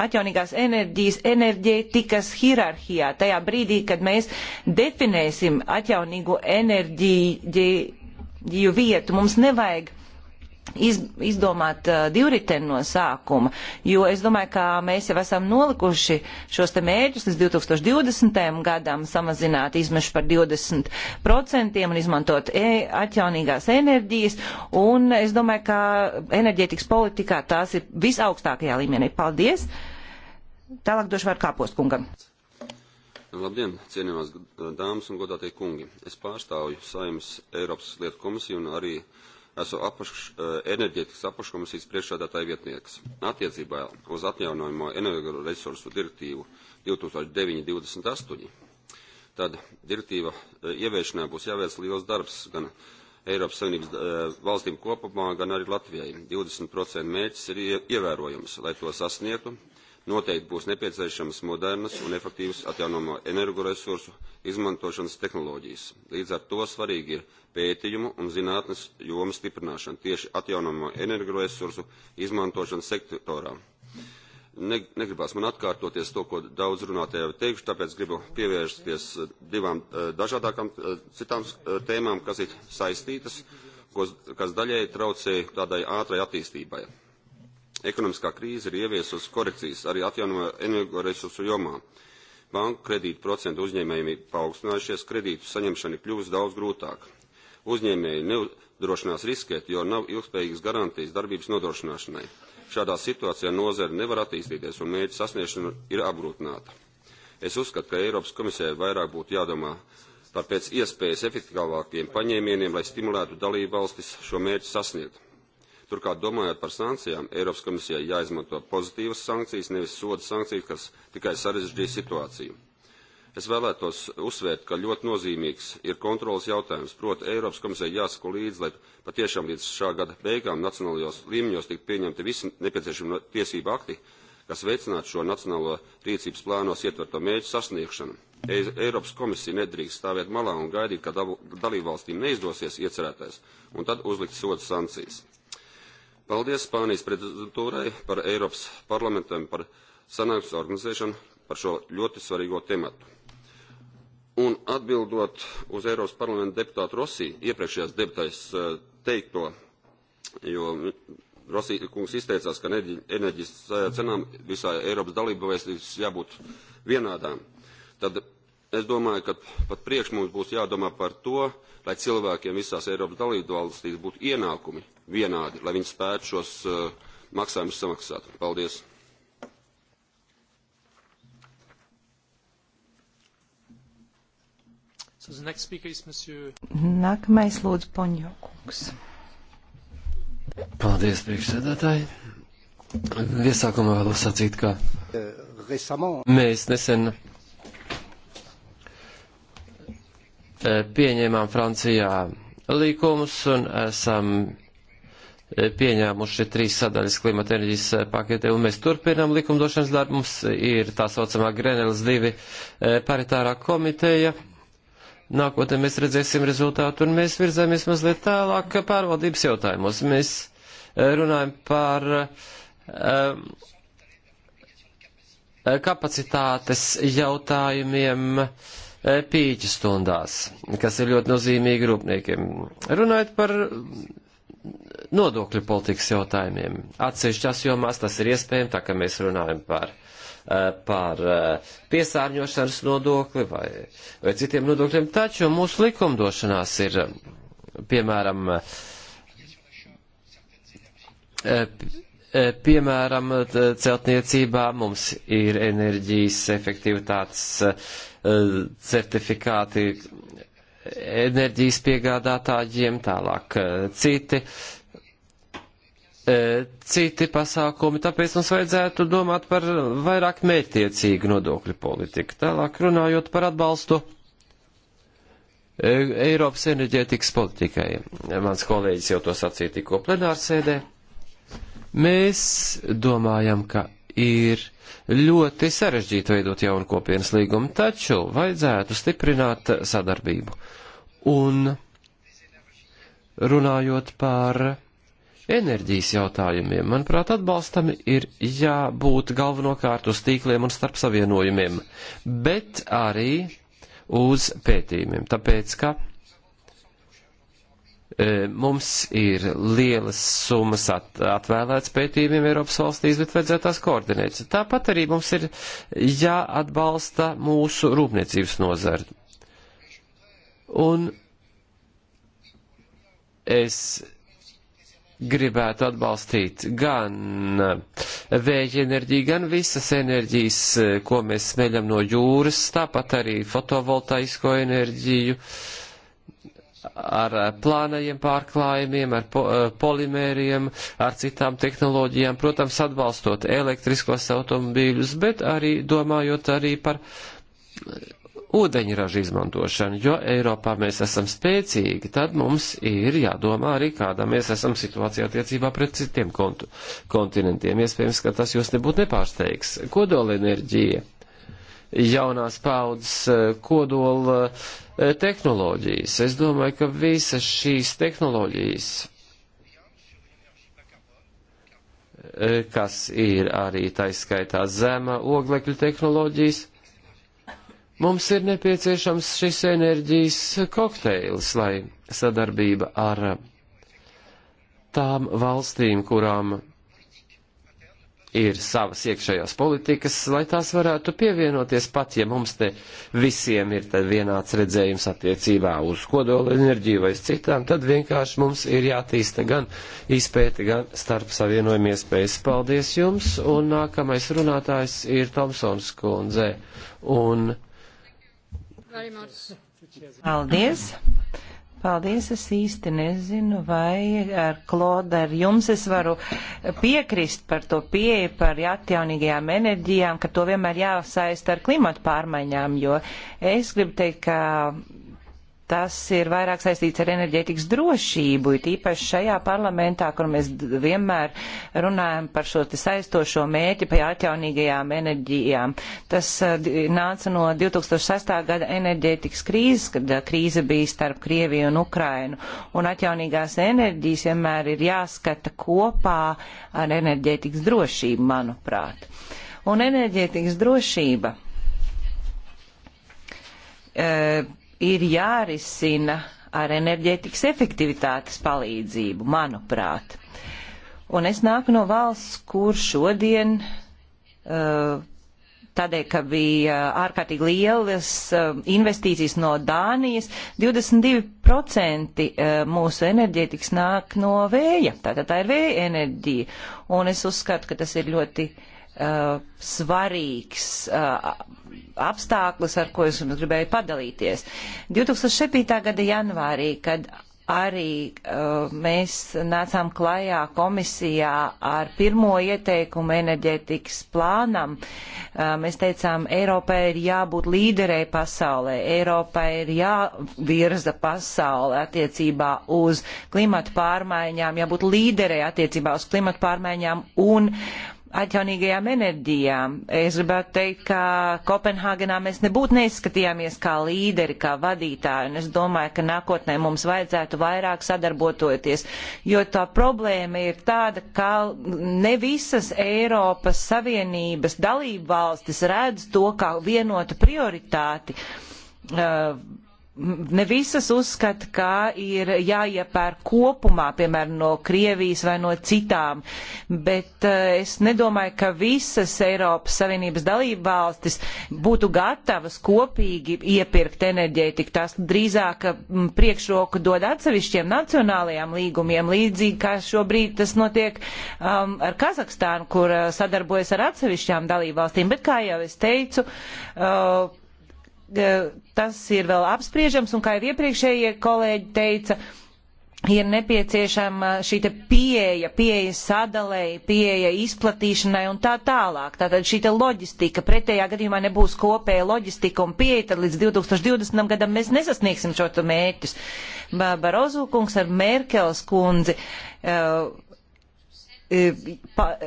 atjaunīgās enerģijas, enerģētikas hierarhijā, tajā brīdī, kad mēs definēsim atjaunīgo enerģiju vietu. Mums nevajag iz, izdomāt uh, divriteni no sākuma, jo es domāju, ka mēs jau esam nolikuši šos te mērķus līdz 2020. gadam samazināt izmešu par 20% un izmantot e atjaunīgās enerģijas, un es domāju, ka enerģētikas politikā tās ir visaugstākajā līmenī. Paldies! Tālāk došu vārdu kāpos kungam. Labdien, cienījumās eh, dāmas un godātie kungi. Es pārstāvu Saimnes Eiropas lietu komisiju un arī esmu apaš, eh, enerģētikas apakškomisijas priekšsādātāja vietnieks. Attiecībā uz atjaunojamo energoresursu direktīvu 2009-28, tad direktīva eh, ieviešanā būs jāveic liels darbs gan Eiropas Savienības valstīm kopumā, gan arī Latvijai. 20% mērķis ir ievērojams, lai to sasniegtu noteikti būs nepieciešamas modernas un efektīvas atjaunojamo energoresursu izmantošanas tehnoloģijas. Līdz ar to svarīgi ir pētījumu un zinātnes jomas stiprināšana tieši atjaunojamo energoresursu izmantošanas sektorā. Ne, negribās man atkārtoties to, ko daudz runātāji jau teikuši, tāpēc gribu pievērsties divām eh, dažādākām eh, citām eh, tēmām, kas ir saistītas, kas daļēji traucēja tādai ātrai attīstībai Ekonomiskā krīze ir ieviesusi korekcijas arī atjaunojamo energoresursu jomā. Banku kredītu procentu uzņēmējiem ir paaugstinājušies, kredītu saņemšana ir kļuvusi daudz grūtāk. Uzņēmēji neuzdrošinās riskēt, jo nav ilgspējīgas garantijas darbības nodrošināšanai. Šādā situācijā nozara nevar attīstīties un mērķa sasniegšana ir apgrūtināta. Es uzskatu, ka Eiropas komisijai vairāk būtu jādomā par pēc iespējas efektīvākiem paņēmieniem, lai stimulētu dalību valstis šo mērķu sasniegt Turklāt, domājot par sankcijām, Eiropas komisijai jāizmanto pozitīvas sankcijas, nevis soda sankcijas, kas tikai sarežģīja situāciju. Es vēlētos uzsvērt, ka ļoti nozīmīgs ir kontrolas jautājums, proti Eiropas komisijai jāsako līdzi, lai patiešām līdz šā gada beigām nacionālajos līmeņos tiktu pieņemti visi nepieciešami tiesību akti, kas veicinātu šo nacionālo rīcības plānos ietverto mērķu sasniegšanu. Ei, Eiropas komisija nedrīkst stāvēt malā un gaidīt, ka dalībvalstīm neizdosies iecerētais, un tad uzlikt sodu sankcijas. Paldies Spānijas prezidentūrai par Eiropas parlamentam par sanāksmes organizēšanu par šo ļoti svarīgo tematu. Un atbildot uz Eiropas parlamenta deputātu Rosī, iepriekšējās deputājas eh, teikto, jo Rosī kungs izteicās, ka enerģijas eh, cenām visā Eiropas dalība vēstības jābūt vienādām, tad es domāju, ka pat priekš mums būs jādomā par to, lai cilvēkiem visās Eiropas dalībvalstīs būtu ienākumi vienādi, lai viņi spētu šos uh, maksājumus samaksāt. Paldies! So the next speaker is Monsieur... Nākamais lūdzu Poņokungs. Paldies, priekšsēdētāji. Viesākumā vēlos sacīt, ka eh, mēs nesen Eh, pieņēmām Francijā līkumus un esam eh, pieņēmuši trīs sadaļas klimata enerģijas eh, paketē, un mēs turpinām likumdošanas darbu. Mums ir tā saucamā Grenelas divi paritārā komiteja. Nākotnē mēs redzēsim rezultātu, un mēs virzāmies mazliet tālāk pārvaldības jautājumos. Mēs runājam par um, kapacitātes jautājumiem. Uh, E, pīķa stundās, kas ir ļoti nozīmīgi rūpniekiem. Runājot par nodokļu politikas jautājumiem, atsevišķās jomās tas ir iespējams, tā ka mēs runājam par e, par e, piesārņošanas nodokli vai, vai citiem nodokļiem, taču mūsu likumdošanās ir, piemēram, piemēram, celtniecībā mums ir enerģijas efektivitātes Eh, certifikāti enerģijas piegādātājiem, tālāk eh, citi, eh, citi pasākumi, tāpēc mums vajadzētu domāt par vairāk mērķtiecīgu nodokļu politiku. Tālāk runājot par atbalstu Eiropas enerģētikas politikai. Mans kolēģis jau to sacīja tikko plenārsēdē. Mēs domājam, ka ir ļoti sarežģīti veidot jaunu kopienas līgumu, taču vajadzētu stiprināt sadarbību. Un runājot par enerģijas jautājumiem, manuprāt, atbalstami ir jābūt galvenokārt uz tīkliem un starp savienojumiem, bet arī uz pētījumiem, tāpēc, ka E, mums ir lielas summas atvēlētas pētījumiem Eiropas valstīs, bet vajadzētu tās koordinēt. Tāpat arī mums ir jāatbalsta mūsu rūpniecības nozara. Un es gribētu atbalstīt gan vēja enerģiju, gan visas enerģijas, e, ko mēs smeļam no jūras, tāpat arī fotovoltaisko enerģiju. Uh, ar eh, plānajiem pārklājumiem, ar po, eh, polimēriem, ar citām tehnoloģijām, protams, atbalstot elektriskos automobīļus, bet arī domājot arī par eh, ūdeņraža izmantošanu, jo Eiropā mēs esam spēcīgi, tad mums ir jādomā arī, kādā mēs esam situācijā attiecībā pret citiem kontu, kontinentiem. Iespējams, ka tas jūs nebūtu nepārsteigs. Kodolenerģija. enerģija jaunās paudzes eh, kodola eh, tehnoloģijas. Es domāju, ka visas šīs tehnoloģijas, eh, kas ir arī taiskaitā zema oglekļu tehnoloģijas, mums ir nepieciešams šis enerģijas kokteils, lai sadarbība ar tām valstīm, kurām ir savas iekšējās politikas, lai tās varētu pievienoties pat, ja mums te visiem ir tad vienāds redzējums attiecībā uz kodola enerģiju vai citām, tad vienkārši mums ir jātīsta gan izpēte, gan starp savienojumu iespējas. Paldies jums, un nākamais runātājs ir Tomsons kundze. Un... Paldies! Paldies, es īsti nezinu, vai ar Klodu, ar jums es varu piekrist par to pieeju par atjaunīgajām enerģijām, ka to vienmēr jāsaist ar klimatu pārmaiņām, jo es gribu teikt, ka tas ir vairāk saistīts ar enerģētikas drošību, it īpaši šajā parlamentā, kur mēs vienmēr runājam par šo saistošo mērķi pie atjaunīgajām enerģijām. Tas eh, nāca no 2006. gada enerģētikas krīzes, kad eh, krīze bija starp Krieviju un Ukrainu, un atjaunīgās enerģijas vienmēr ir jāskata kopā ar enerģētikas drošību, manuprāt. Un enerģētikas drošība. E, ir jārisina ar enerģētikas efektivitātes palīdzību, manuprāt. Un es nāku no valsts, kur šodien, uh, tādēļ, ka bija ārkārtīgi lielas uh, investīcijas no Dānijas, 22% uh, mūsu enerģētikas nāk no vēja. Tātad tā ir vēja enerģija. Un es uzskatu, ka tas ir ļoti uh, uh, svarīgs uh, apstākļus, ar ko es jums gribēju padalīties. 2007. gada janvārī, kad arī uh, mēs nācām klajā komisijā ar pirmo ieteikumu enerģētikas plānam, uh, mēs teicām, Eiropai ir jābūt līderei pasaulē, Eiropai ir jāvirza pasaule attiecībā uz klimatu pārmaiņām, jābūt līderei attiecībā uz klimatu pārmaiņām un uh, atjaunīgajām enerģijām. Es gribētu teikt, ka Kopenhāgenā mēs nebūtu neizskatījāmies kā līderi, kā vadītāji, un es domāju, ka nākotnē mums vajadzētu vairāk sadarbototies, jo tā problēma ir tāda, ka ne visas Eiropas Savienības dalību valstis redz to kā vienotu prioritāti. Uh, ne visas uzskata, ka ir jāiepērk kopumā, piemēram, no Krievijas vai no citām, bet eh, es nedomāju, ka visas Eiropas Savienības dalība valstis būtu gatavas kopīgi iepirkt enerģētiku. Tās drīzāk mm, priekšroku dod atsevišķiem nacionālajiem līgumiem, līdzīgi kā šobrīd tas notiek um, ar Kazahstānu, kur eh, sadarbojas ar atsevišķām dalību valstīm, bet kā jau es teicu, uh, tas ir vēl apspriežams, un kā jau iepriekšējie kolēģi teica, ir nepieciešama šī pieeja, pieeja sadalēji, pieeja izplatīšanai un tā tālāk. Tātad šī loģistika, pretējā gadījumā nebūs kopēja loģistika un pieeja, tad līdz 2020. gadam mēs nesasniegsim šo mērķus. Barozu kungs ar Merkels kundzi. Uh, uh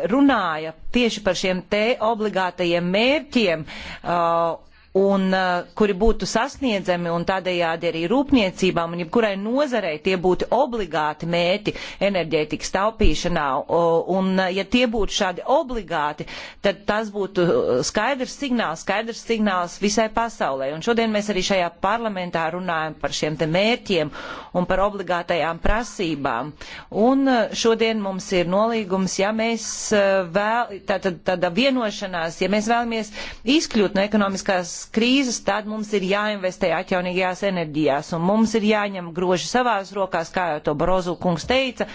runāja tieši par šiem te obligātajiem mērķiem uh, un uh, kuri būtu sasniedzami un tādējādi arī rūpniecībām un jebkurai nozarei tie būtu obligāti mēti enerģētikas taupīšanā. Un, un uh, ja tie būtu šādi obligāti, tad tas būtu uh, skaidrs signāls, skaidrs signāls visai pasaulē. Un šodien mēs arī šajā parlamentā runājam par šiem te mērķiem un par obligātajām prasībām. Un uh, šodien mums ir nolīgums, ja mēs vēl, tā, tā, tāda vienošanās, ja mēs vēlamies izkļūt no ekonomiskās krīzes, tad mums ir jāinvestē atjaunīgajās enerģijās. Un mums ir jāņem groži savās rokās, kā jau to Barozu kungs teica,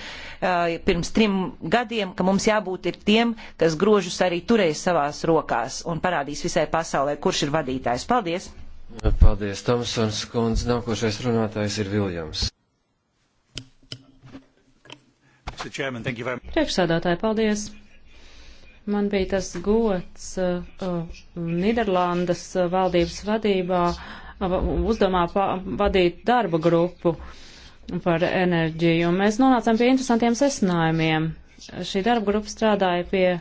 pirms trim gadiem, ka mums jābūt ir tiem, kas grožus arī turēs savās rokās un parādīs visai pasaulē, kurš ir vadītājs. Paldies! Paldies, Tomsons kundze. Nākošais runātājs ir Viljams. Priekšsēdētāji, paldies! Man bija tas gods uh, uh Niderlandes uh, valdības vadībā uh, uzdomā pa, vadīt darba grupu par enerģiju, un mēs nonācām pie interesantiem sesinājumiem. Šī darba grupa strādāja pie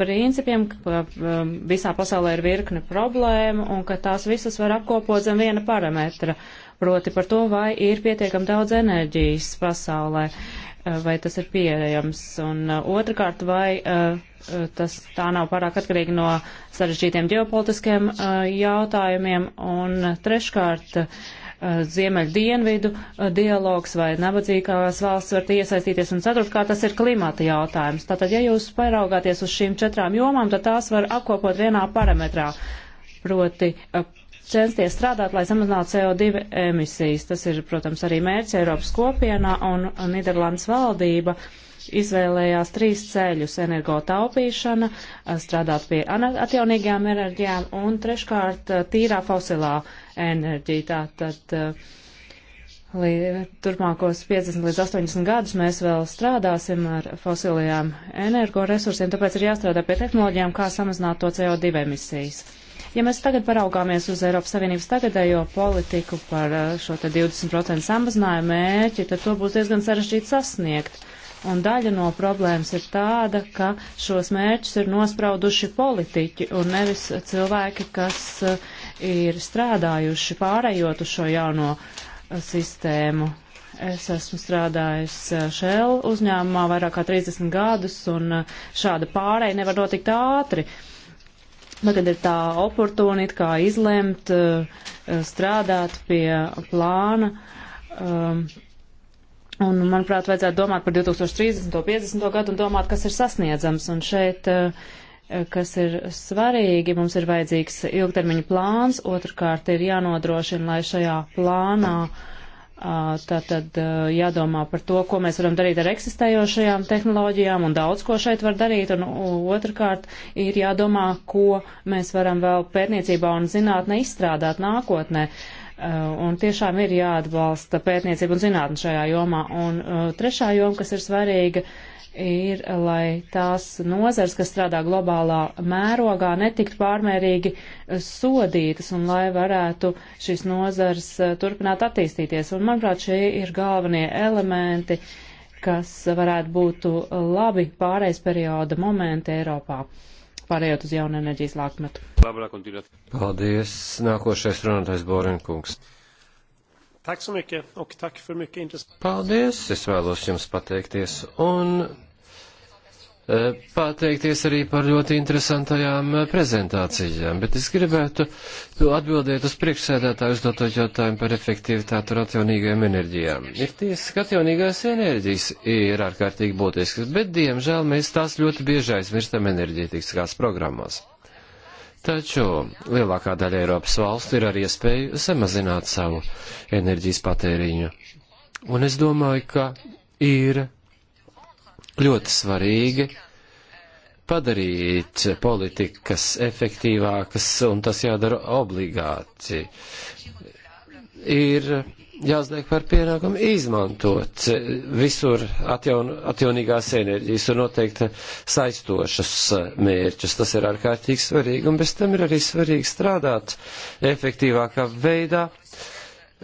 principiem, ka um, visā pasaulē ir virkne problēmu un ka tās visas var apkopot zem viena parametra, proti par to, vai ir pietiekam daudz enerģijas pasaulē. Eh, vai tas ir pieejams, un eh, otrkārt, vai eh, tas tā nav pārāk atkarīgi no sarežģītiem ģeopolitiskiem jautājumiem, un treškārt, ziemeļu dienvidu dialogs vai nabadzīgās valsts var iesaistīties, un ceturtkārt tas ir klimata jautājums. Tātad, ja jūs paraugāties uz šīm četrām jomām, tad tās var apkopot vienā parametrā, proti censties strādāt, lai samazinātu CO2 emisijas. Tas ir, protams, arī mērķis Eiropas kopienā, un Nīderlandes valdība izvēlējās trīs ceļus - energotaupīšana, strādāt pie atjaunīgajām enerģijām un treškārt eh, tīrā fosilā enerģija. Tātad eh, turpmākos 50 līdz 80 gadus mēs vēl strādāsim ar fosilajām energoresursiem, tāpēc ir jāstrādā pie tehnoloģijām, kā samazināt to CO2 emisijas. Ja mēs tagad paraugāmies uz Eiropas Savienības tagadējo politiku par eh, šo te 20% samazinājumu mērķi, tad to būs diezgan sarežģīti sasniegt. Un daļa no problēmas ir tāda, ka šos mērķus ir nosprauduši politiķi un nevis cilvēki, kas eh, ir strādājuši pārējot uz šo jauno eh, sistēmu. Es esmu strādājis Shell uzņēmumā vairāk kā 30 gadus, un šāda pārēja nevar notikt ātri. Uh, Tagad ir tā oportuni kā izlemt, eh, strādāt pie plāna. Um, un, manuprāt, vajadzētu domāt par 2030. un 50. gadu un domāt, kas ir sasniedzams. Un šeit, eh, kas ir svarīgi, mums ir vajadzīgs ilgtermiņa plāns. Otrkārt, ir jānodrošina, lai šajā plānā uh, Tātad jādomā par to, ko mēs varam darīt ar eksistējošajām tehnoloģijām, un daudz ko šeit var darīt, un otrkārt ir jādomā, ko mēs varam vēl pētniecībā un zinātnē izstrādāt nākotnē. Un tiešām ir jāatbalsta pētniecība un zinātne šajā jomā. Un trešā joma, kas ir svarīga, ir ir, lai tās nozars, kas strādā globālā mērogā, netiktu pārmērīgi eh, sodītas un lai varētu šīs nozars eh, turpināt attīstīties. Un, manuprāt, šie ir galvenie elementi, kas varētu būt eh, labi pārējais perioda momenti Eiropā, pārējot uz jaunu enerģijas lākmetu. Paldies. Nākošais runātais Borinkungs. Paldies, es vēlos jums pateikties un pateikties arī par ļoti interesantajām prezentācijām, bet es gribētu atbildēt uz priekšsēdētāju uzdoto jautājumu par efektivitāti un atjaunīgajām enerģijām. Ir tiesa, ka atjaunīgās enerģijas ir ārkārtīgi būtiskas, bet diemžēl mēs tās ļoti bieži aizmirstam enerģētiskās programmās. Taču lielākā daļa Eiropas valstu ir ar iespēju samazināt savu enerģijas patēriņu. Un es domāju, ka ir ļoti svarīgi padarīt politikas efektīvākas, un tas jādara obligāti. Ir jāuzliek par pienākumu izmantot visur atjaun, atjaunīgās enerģijas un noteikti saistošas mērķus. Tas ir ārkārtīgi svarīgi, un bez tam ir arī svarīgi strādāt efektīvākā veidā, uh,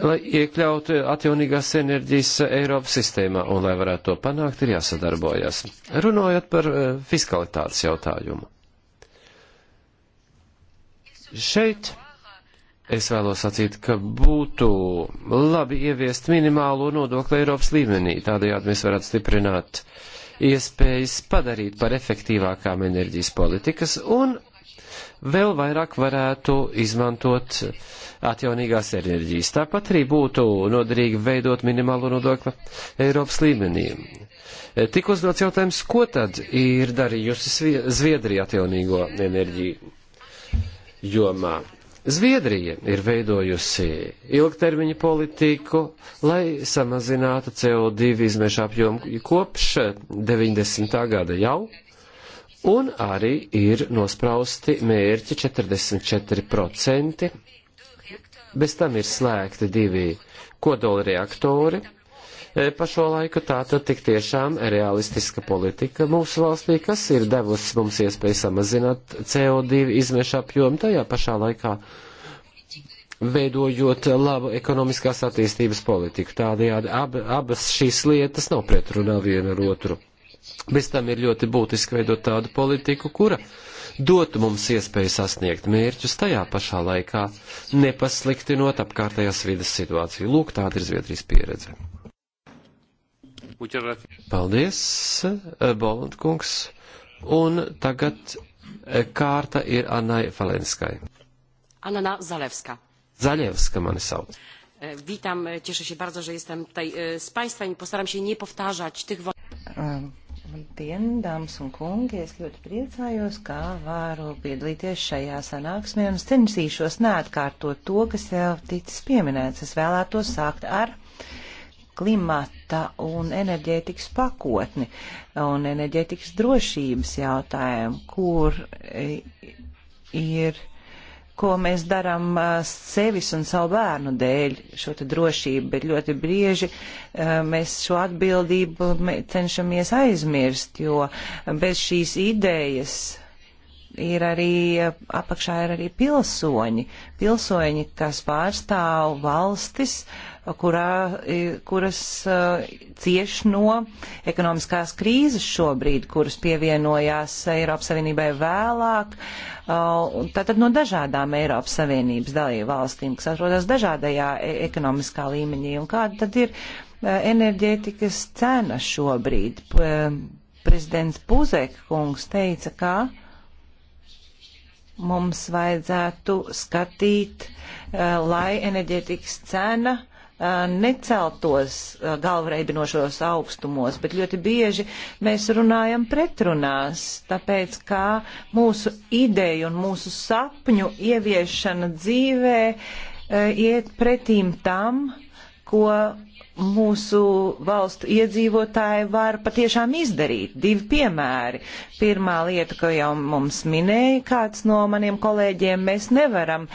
lai iekļautu atjaunīgās enerģijas Eiropas sistēmā, un lai varētu to panākt, ir jāsadarbojas. Runājot par eh, fiskalitātes jautājumu. Šeit es vēlos sacīt, ka būtu labi ieviest minimālo nodokli Eiropas līmenī. Tādējādi mēs varētu stiprināt iespējas padarīt par efektīvākām enerģijas politikas un vēl vairāk varētu izmantot atjaunīgās enerģijas. Tāpat arī būtu noderīgi veidot minimālo nodokli Eiropas līmenī. Tik uzdots jautājums, ko tad ir darījusi Zviedrija atjaunīgo enerģiju jomā? Zviedrija ir veidojusi ilgtermiņa politiku, lai samazinātu CO2 izmešu apjomu kopš 90. gada jau Un arī ir nosprausti mērķi 44%, bez tam ir slēgti divi kodolreaktori. E, pa šo laiku tā tad tik tiešām realistiska politika mūsu valstī, kas ir devusi mums iespēju samazināt CO2 izmešu apjomu tajā pašā laikā, veidojot labu ekonomiskās attīstības politiku. Tādējādi ab, abas šīs lietas nav pretrunā viena ar otru. Bez tam ir ļoti būtiski veidot tādu politiku, kura dotu mums iespēju sasniegt mērķus tajā pašā laikā, nepasliktinot apkārtējās vidas situāciju. Lūk, tāda ir Zviedrijas pieredze. Paldies, Boland kungs. Un tagad eh, kārta ir Annai Falenskai. Anna Zalewska. Zalewska mani sauc. E, Witam, e, cieszę się bardzo, że jestem tutaj e, z Państwem i postaram się nie powtarzać tych. Um Labdien, dāmas un kungi! Es ļoti priecājos, kā varu piedalīties šajā sanāksmē un censīšos neatkārtot to, kas jau ticis pieminēts. Es vēlētos sākt ar klimata un enerģētikas pakotni un enerģētikas drošības jautājumu, kur e, ir ko mēs darām uh, sevis un savu bērnu dēļ, šo te drošību, bet ļoti brieži uh, mēs šo atbildību cenšamies aizmirst, jo bez šīs idejas ir arī eh, apakšā ir arī pilsoņi. Pilsoņi, kas pārstāv valstis, kurā, kuras uh, cieš no ekonomiskās krīzes šobrīd, kuras pievienojās Eiropas Savienībai vēlāk, uh, tātad no dažādām Eiropas Savienības dalību valstīm, kas atrodas dažādajā e, ekonomiskā līmeņī. Un kāda tad ir uh, enerģētikas cena šobrīd? P prezidents Buzek kungs teica, ka mums vajadzētu skatīt, eh, lai enerģētikas cena eh, neceltos eh, galvreibinošos augstumos, bet ļoti bieži mēs runājam pretrunās, tāpēc kā mūsu ideju un mūsu sapņu ieviešana dzīvē iet pretīm tam, ko mūsu valstu iedzīvotāji var patiešām izdarīt. Divi piemēri. Pirmā lieta, ko jau mums minēja kāds no maniem kolēģiem, mēs nevaram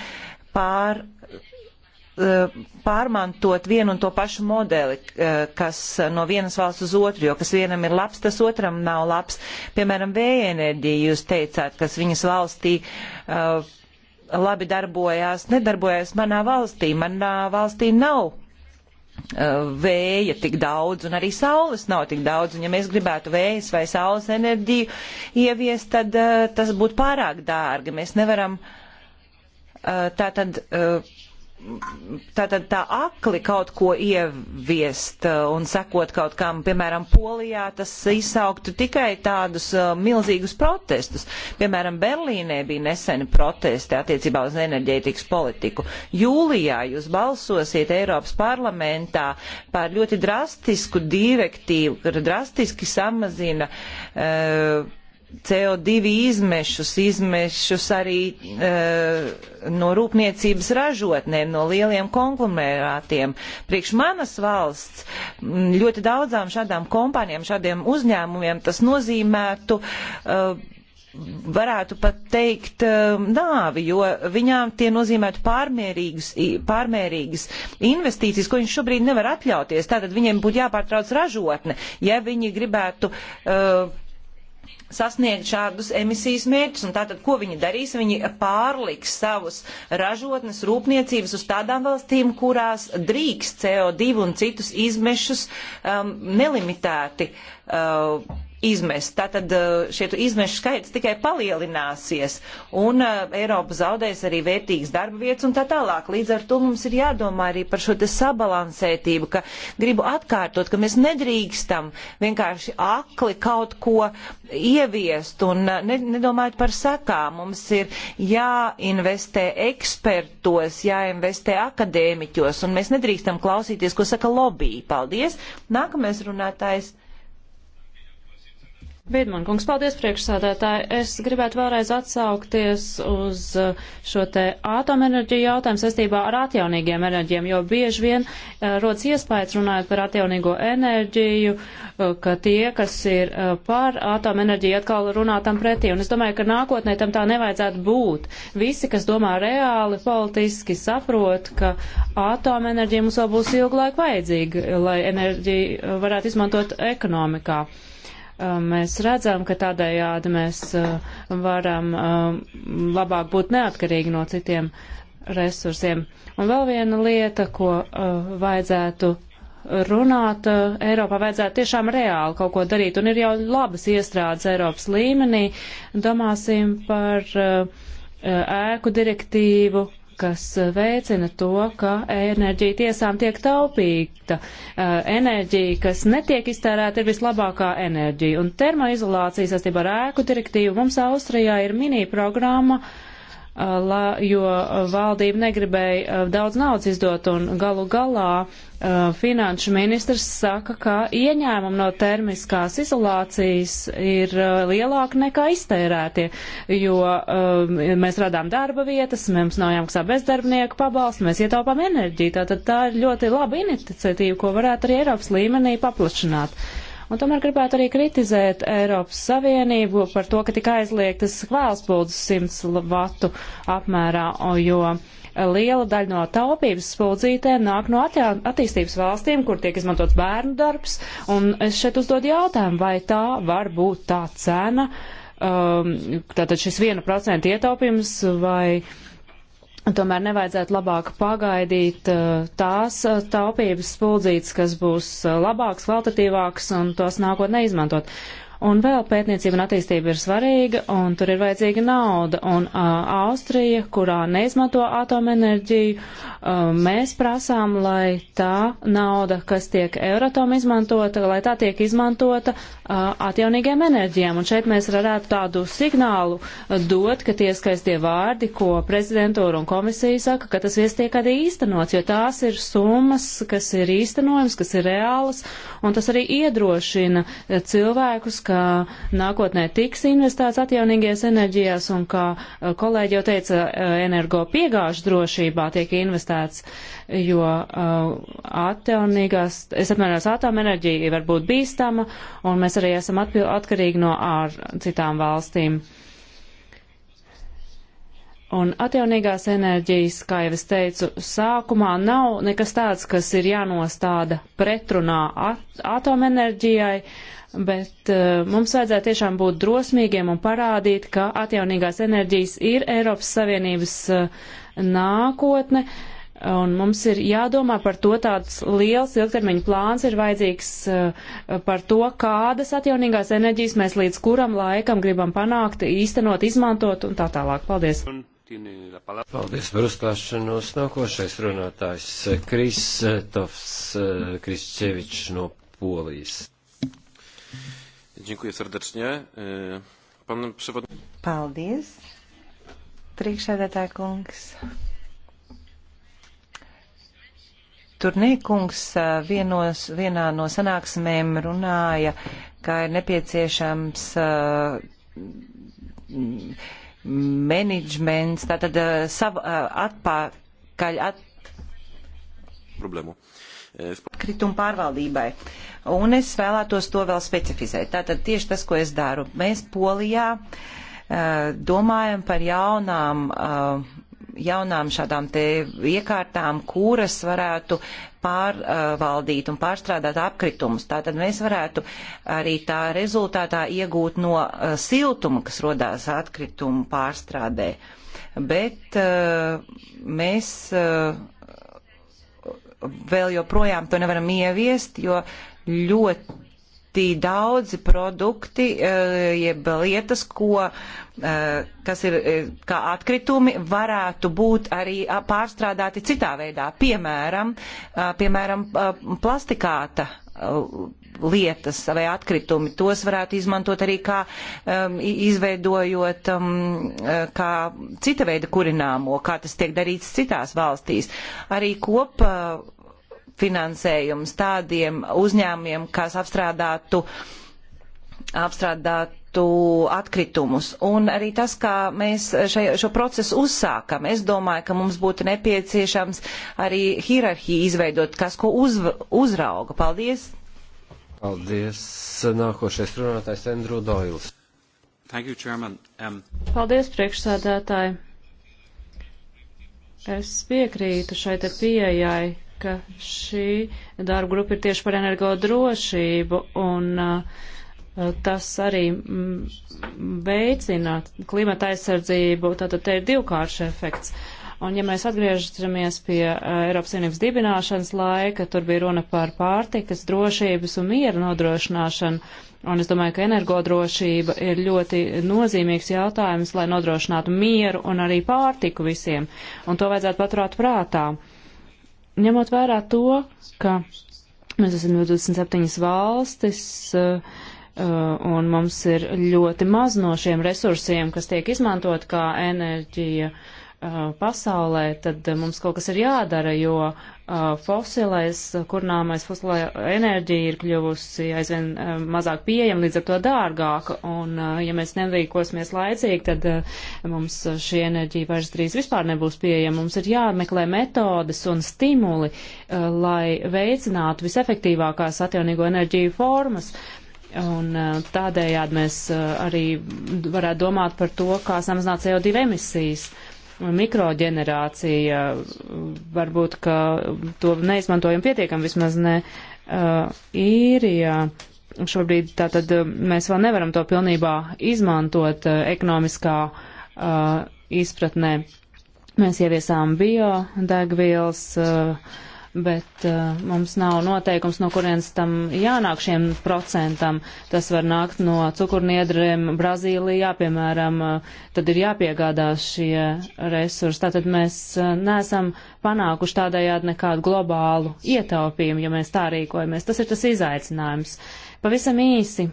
pār eh, pārmantot vienu un to pašu modeli, eh, kas no vienas valsts uz otru, jo kas vienam ir labs, tas otram nav labs. Piemēram, vēja enerģija, jūs teicāt, kas viņas valstī eh, labi darbojās, nedarbojās manā valstī. Manā valstī nav Uh, vēja tik daudz un arī saules nav tik daudz. Un ja mēs gribētu vējas vai saules enerģiju ieviest, tad uh, tas būtu pārāk dārgi. Mēs nevaram uh, tā tad uh, tātad tā akli kaut ko ieviest uh, un sekot kaut kam, piemēram, Polijā, tas izsauktu tikai tādus uh, milzīgus protestus. Piemēram, Berlīnē bija neseni protesti attiecībā uz enerģētikas politiku. Jūlijā jūs balsosiet Eiropas parlamentā par ļoti drastisku direktīvu, kur drastiski samazina uh, CO2 izmešus, izmešus arī uh, no rūpniecības ražotnēm, no lieliem konglomerātiem. Priekš manas valsts ļoti daudzām šādām kompānijām, šādiem uzņēmumiem tas nozīmētu. Uh, varētu pat teikt e, nāvi, jo viņām tie nozīmētu pārmērīgas, pārmērīgas investīcijas, ko viņi šobrīd nevar atļauties. Tātad viņiem būtu jāpārtrauc ražotne, ja viņi gribētu uh, sasniegt šādus emisijas mērķus. Un tātad, ko viņi darīs? Viņi pārliks savus ražotnes rūpniecības uz tādām valstīm, kurās drīkst CO2 un citus izmešus um, nelimitēti. Uh, izmest. Tātad uh, šie izmešu skaits tikai palielināsies un uh, Eiropa zaudēs arī vērtīgas darba vietas un tā tālāk. Līdz ar to mums ir jādomā arī par šo te sabalansētību, ka gribu atkārtot, ka mēs nedrīkstam vienkārši akli kaut ko ieviest un uh, ne, nedomājot par sekām. Mums ir jāinvestē ekspertos, jāinvestē akadēmiķos un mēs nedrīkstam klausīties, ko saka lobby. Paldies! Nākamais runātājs. Biedman, kungs, paldies priekšsādētāji. Es gribētu vēlreiz atsaukties uz uh, šo te ātomenerģiju jautājumu saistībā ar atjaunīgiem enerģiem, jo bieži vien uh, rodas iespējas runājot par atjaunīgo enerģiju, uh, ka tie, kas ir uh, par ātomenerģiju, atkal runā tam pretī. Un es domāju, ka nākotnē tam tā nevajadzētu būt. Visi, kas domā reāli, politiski saprot, ka ātomenerģija mums vēl būs ilgu laiku vajadzīga, lai enerģiju uh, varētu izmantot ekonomikā. Uh, Eh, mēs redzam, ka tādējādi mēs eh, varam eh, labāk būt neatkarīgi no citiem resursiem. Un vēl viena lieta, ko vajadzētu runāt, Eiropā vajadzētu tiešām reāli kaut ko darīt, un ir jau labas iestrādes Eiropas līmenī. Domāsim par ēku direktīvu, kas eh, veicina to, ka enerģija tiesām tiek taupīta. Eh, enerģija, kas netiek iztērēta, ir vislabākā enerģija. Un termoizolācijas astībā ar ēku direktīvu mums Austrijā ir mini programma, uh, Uh, la, jo uh, valdība negribēja uh, daudz naudas izdot un galu galā uh, finanšu ministrs saka, ka ieņēmumi no termiskās izolācijas ir uh, lielāki nekā iztērētie, jo uh, mēs radām darba vietas, mums nav jāmaksā bezdarbnieku pabalstu, mēs ietaupām enerģiju. Tātad tā ir ļoti laba iniciatīva, ko varētu arī Eiropas līmenī paplašināt. Un tomēr gribētu arī kritizēt Eiropas Savienību par to, ka tika aizliegtas kvēlspuldzes 100 vatu apmērā, jo liela daļa no taupības spuldzītēm nāk no atjā, attīstības valstīm, kur tiek izmantots bērnu darbs. Un es šeit uzdodu jautājumu, vai tā var būt tā cena, um, tātad šis 1% ietaupījums vai. Uh, Tomēr nevajadzētu labāk pagaidīt eh, tās eh, taupības spuldzītes, kas būs eh, labāks, kvalitatīvāks un tos nākotnē izmantot. Un vēl pētniecība un attīstība ir svarīga, un tur ir vajadzīga nauda. Un uh, Austrija, kurā neizmanto atomenerģiju, uh, mēs prasām, lai tā nauda, kas tiek Euratom izmantota, lai tā tiek izmantota uh, atjaunīgiem enerģijām. Un šeit mēs varētu tādu signālu dot, ka tie skaistie vārdi, ko prezidentūra un komisija saka, ka tas viss tiek arī īstenots, jo tās ir summas, kas ir īstenojums, kas ir reālas, un tas arī iedrošina cilvēkus, ka nākotnē tiks investēts atjaunīgajās enerģijās un kā eh, kolēģi jau teica, eh, energo piegāžu drošībā tiek investēts, jo eh, atjaunīgās, es atmērās atomenerģija var būt bīstama un mēs arī esam atkarīgi no ār citām valstīm. Un atjaunīgās enerģijas, kā jau es teicu, sākumā nav nekas tāds, kas ir jānostāda pretrunā at atomenerģijai. Uh, bet uh, mums vajadzētu tiešām būt drosmīgiem un parādīt, ka atjaunīgās enerģijas ir Eiropas Savienības uh, nākotne. Un mums ir jādomā par to, tāds liels ilgtermiņa plāns ir vajadzīgs uh, par to, kādas atjaunīgās enerģijas mēs līdz kuram laikam gribam panākt, īstenot, izmantot un tā tālāk. Paldies! Paldies par uzstāšanos. Nākošais runātājs Kristofs Kristčevičs no Polijas. Dziękuję serdecznie. Pan przewodniczący. Paldies. Priekšsēdētāja kungs. Turnīkungs vienos, vienā no sanāksmēm runāja, ka ir nepieciešams uh, menedžments, tātad uh, savu uh, atpakaļ. At... Problēmu. Uh, Krituma pārvaldībai. Un es vēlētos to vēl specifizēt. Tātad tieši tas, ko es daru. Mēs Polijā eh, domājam par jaunām, eh, jaunām šādām te iekārtām, kuras varētu pārvaldīt un pārstrādāt apkritumus. Tātad mēs varētu arī tā rezultātā iegūt no eh, siltuma, kas rodās atkritumu pārstrādē. Bet mēs vēl joprojām to nevaram ieviest, jo ļoti daudzi produkti, eh, jeb lietas, ko, eh, kas ir eh, kā atkritumi, varētu būt arī pārstrādāti citā veidā. Piemēram, piemēram plastikāta lietas vai atkritumi. Tos varētu izmantot arī kā um, izveidojot um, uh, kā cita veida kurināmo, kā tas tiek darīts citās valstīs. Arī kopā finansējums tādiem uzņēmiem, kas apstrādātu uh, apstrādātu atkritumus. Un arī tas, kā mēs šai, šo procesu uzsākam, es domāju, ka mums būtu nepieciešams arī hierarhiju izveidot, kas ko uz, uzrauga. Paldies! Paldies! Nākošais runātājs Andrew Doils. Thank you, Chairman. Um... Paldies, priekšsēdētāji! Es piekrītu šeit ar pieejai, ka šī darba grupa ir tieši par energo drošību un uh, Eh, tas arī mm, veicina klimata aizsardzību, tātad te ir divkāršs efekts. Un ja mēs atgriežamies pie eh, Eiropas Savienības dibināšanas laika, tur bija runa par pārtikas drošības un miera nodrošināšanu. Un es domāju, ka energodrošība ir ļoti nozīmīgs jautājums, lai nodrošinātu mieru un arī pārtiku visiem. Un to vajadzētu paturēt prātā. Ņemot vērā to, ka mēs esam 27 valstis, uh, Uh, un mums ir ļoti maz no šiem resursiem, kas tiek izmantot kā enerģija uh, pasaulē, tad uh, mums kaut kas ir jādara, jo fosilais, kurnāmais fosilā enerģija ir kļuvusi aizvien mazāk pieejama, līdz ar to dārgāka, un ja mēs nerīkosimies laicīgi, tad mums šī enerģija vairs drīz vispār nebūs pieejama. Mums ir jāmeklē metodes un stimuli, lai veicinātu visefektīvākās atjaunīgo enerģiju formas Un uh, tādējādi mēs uh, arī varētu domāt par to, kā samazināt CO2 emisijas. Mikroģenerācija uh, varbūt, ka to neizmantojam pietiekam, vismaz ne īrijā. Šobrīd tātad mēs vēl nevaram to pilnībā izmantot ekonomiskā izpratnē. Mēs ieviesām biodegvielas. Uh, bet uh, mums nav noteikums, no kurienes tam jānāk šiem procentam. Tas var nākt no cukurniedriem Brazīlijā, piemēram, uh, tad ir jāpiegādā šie resursi. Tātad mēs uh, neesam panākuši tādējādi nekādu globālu ietaupījumu, ja mēs tā rīkojamies. Tas ir tas izaicinājums. Pavisam īsi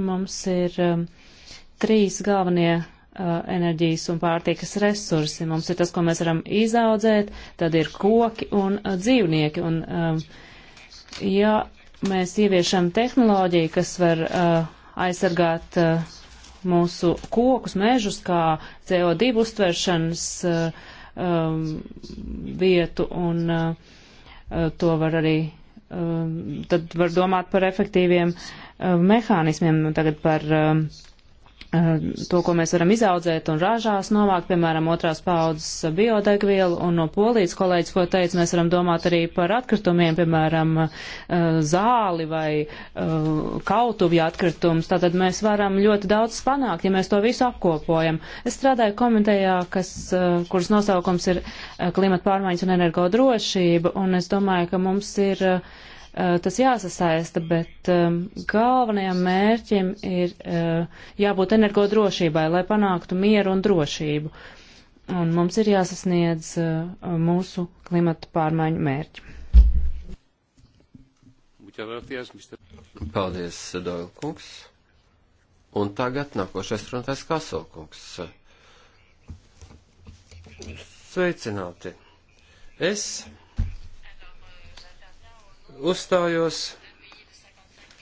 mums ir uh, trīs galvenie Uh, enerģijas un pārtīkas resursi. Mums ir tas, ko mēs varam izaudzēt, tad ir koki un uh, dzīvnieki. Un, um, ja mēs ieviešam tehnoloģiju, kas var uh, aizsargāt mūsu kokus, mežus, kā CO2 uztveršanas um, vietu, un to var arī, um, tad var domāt par efektīviem mehānismiem, tagad par Eh, to, ko mēs varam izaudzēt un ražās novākt, piemēram, otrās paudzes biodegvielu, un no polijas kolēģis, ko teica, mēs varam domāt arī par atkritumiem, piemēram, eh, zāli vai eh, kautuvja atkritumus. Tātad mēs varam ļoti daudz panākt, ja mēs to visu apkopojam. Es strādāju komitejā, kas, kuras nosaukums ir klimata pārmaiņas un energo drošība, un es domāju, ka mums ir. Uh, Eh, tas jāsasaista, bet ehm, galvenajam mērķim ir eh, jābūt energodrošībai, lai panāktu mieru un drošību. Un mums ir jāsasniedz eh, mūsu klimata pārmaiņu mērķi. Paldies, Doyle kungs. Un tagad nākošais runātājs Kasokungs. Sveicināti! Es uzstājos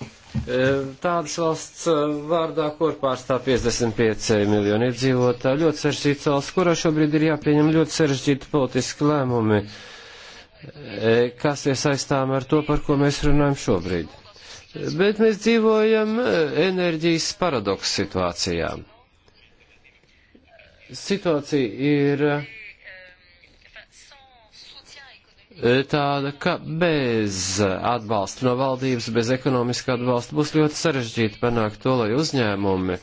eh, tādas valsts eh, vārdā, kur pārstāv 55 miljoni iedzīvotāji. Ļoti sarežģīts valsts, kurā šobrīd ir jāpieņem ļoti sarežģīti politiski lēmumi, eh, kas ir saistām ar to, par ko mēs runājam šobrīd. Bet mēs dzīvojam enerģijas paradoksu situācijā. Situācija ir E, tāda, ka bez atbalsta no valdības, bez ekonomiska atbalsta būs ļoti sarežģīti panākt to, lai uzņēmumi e,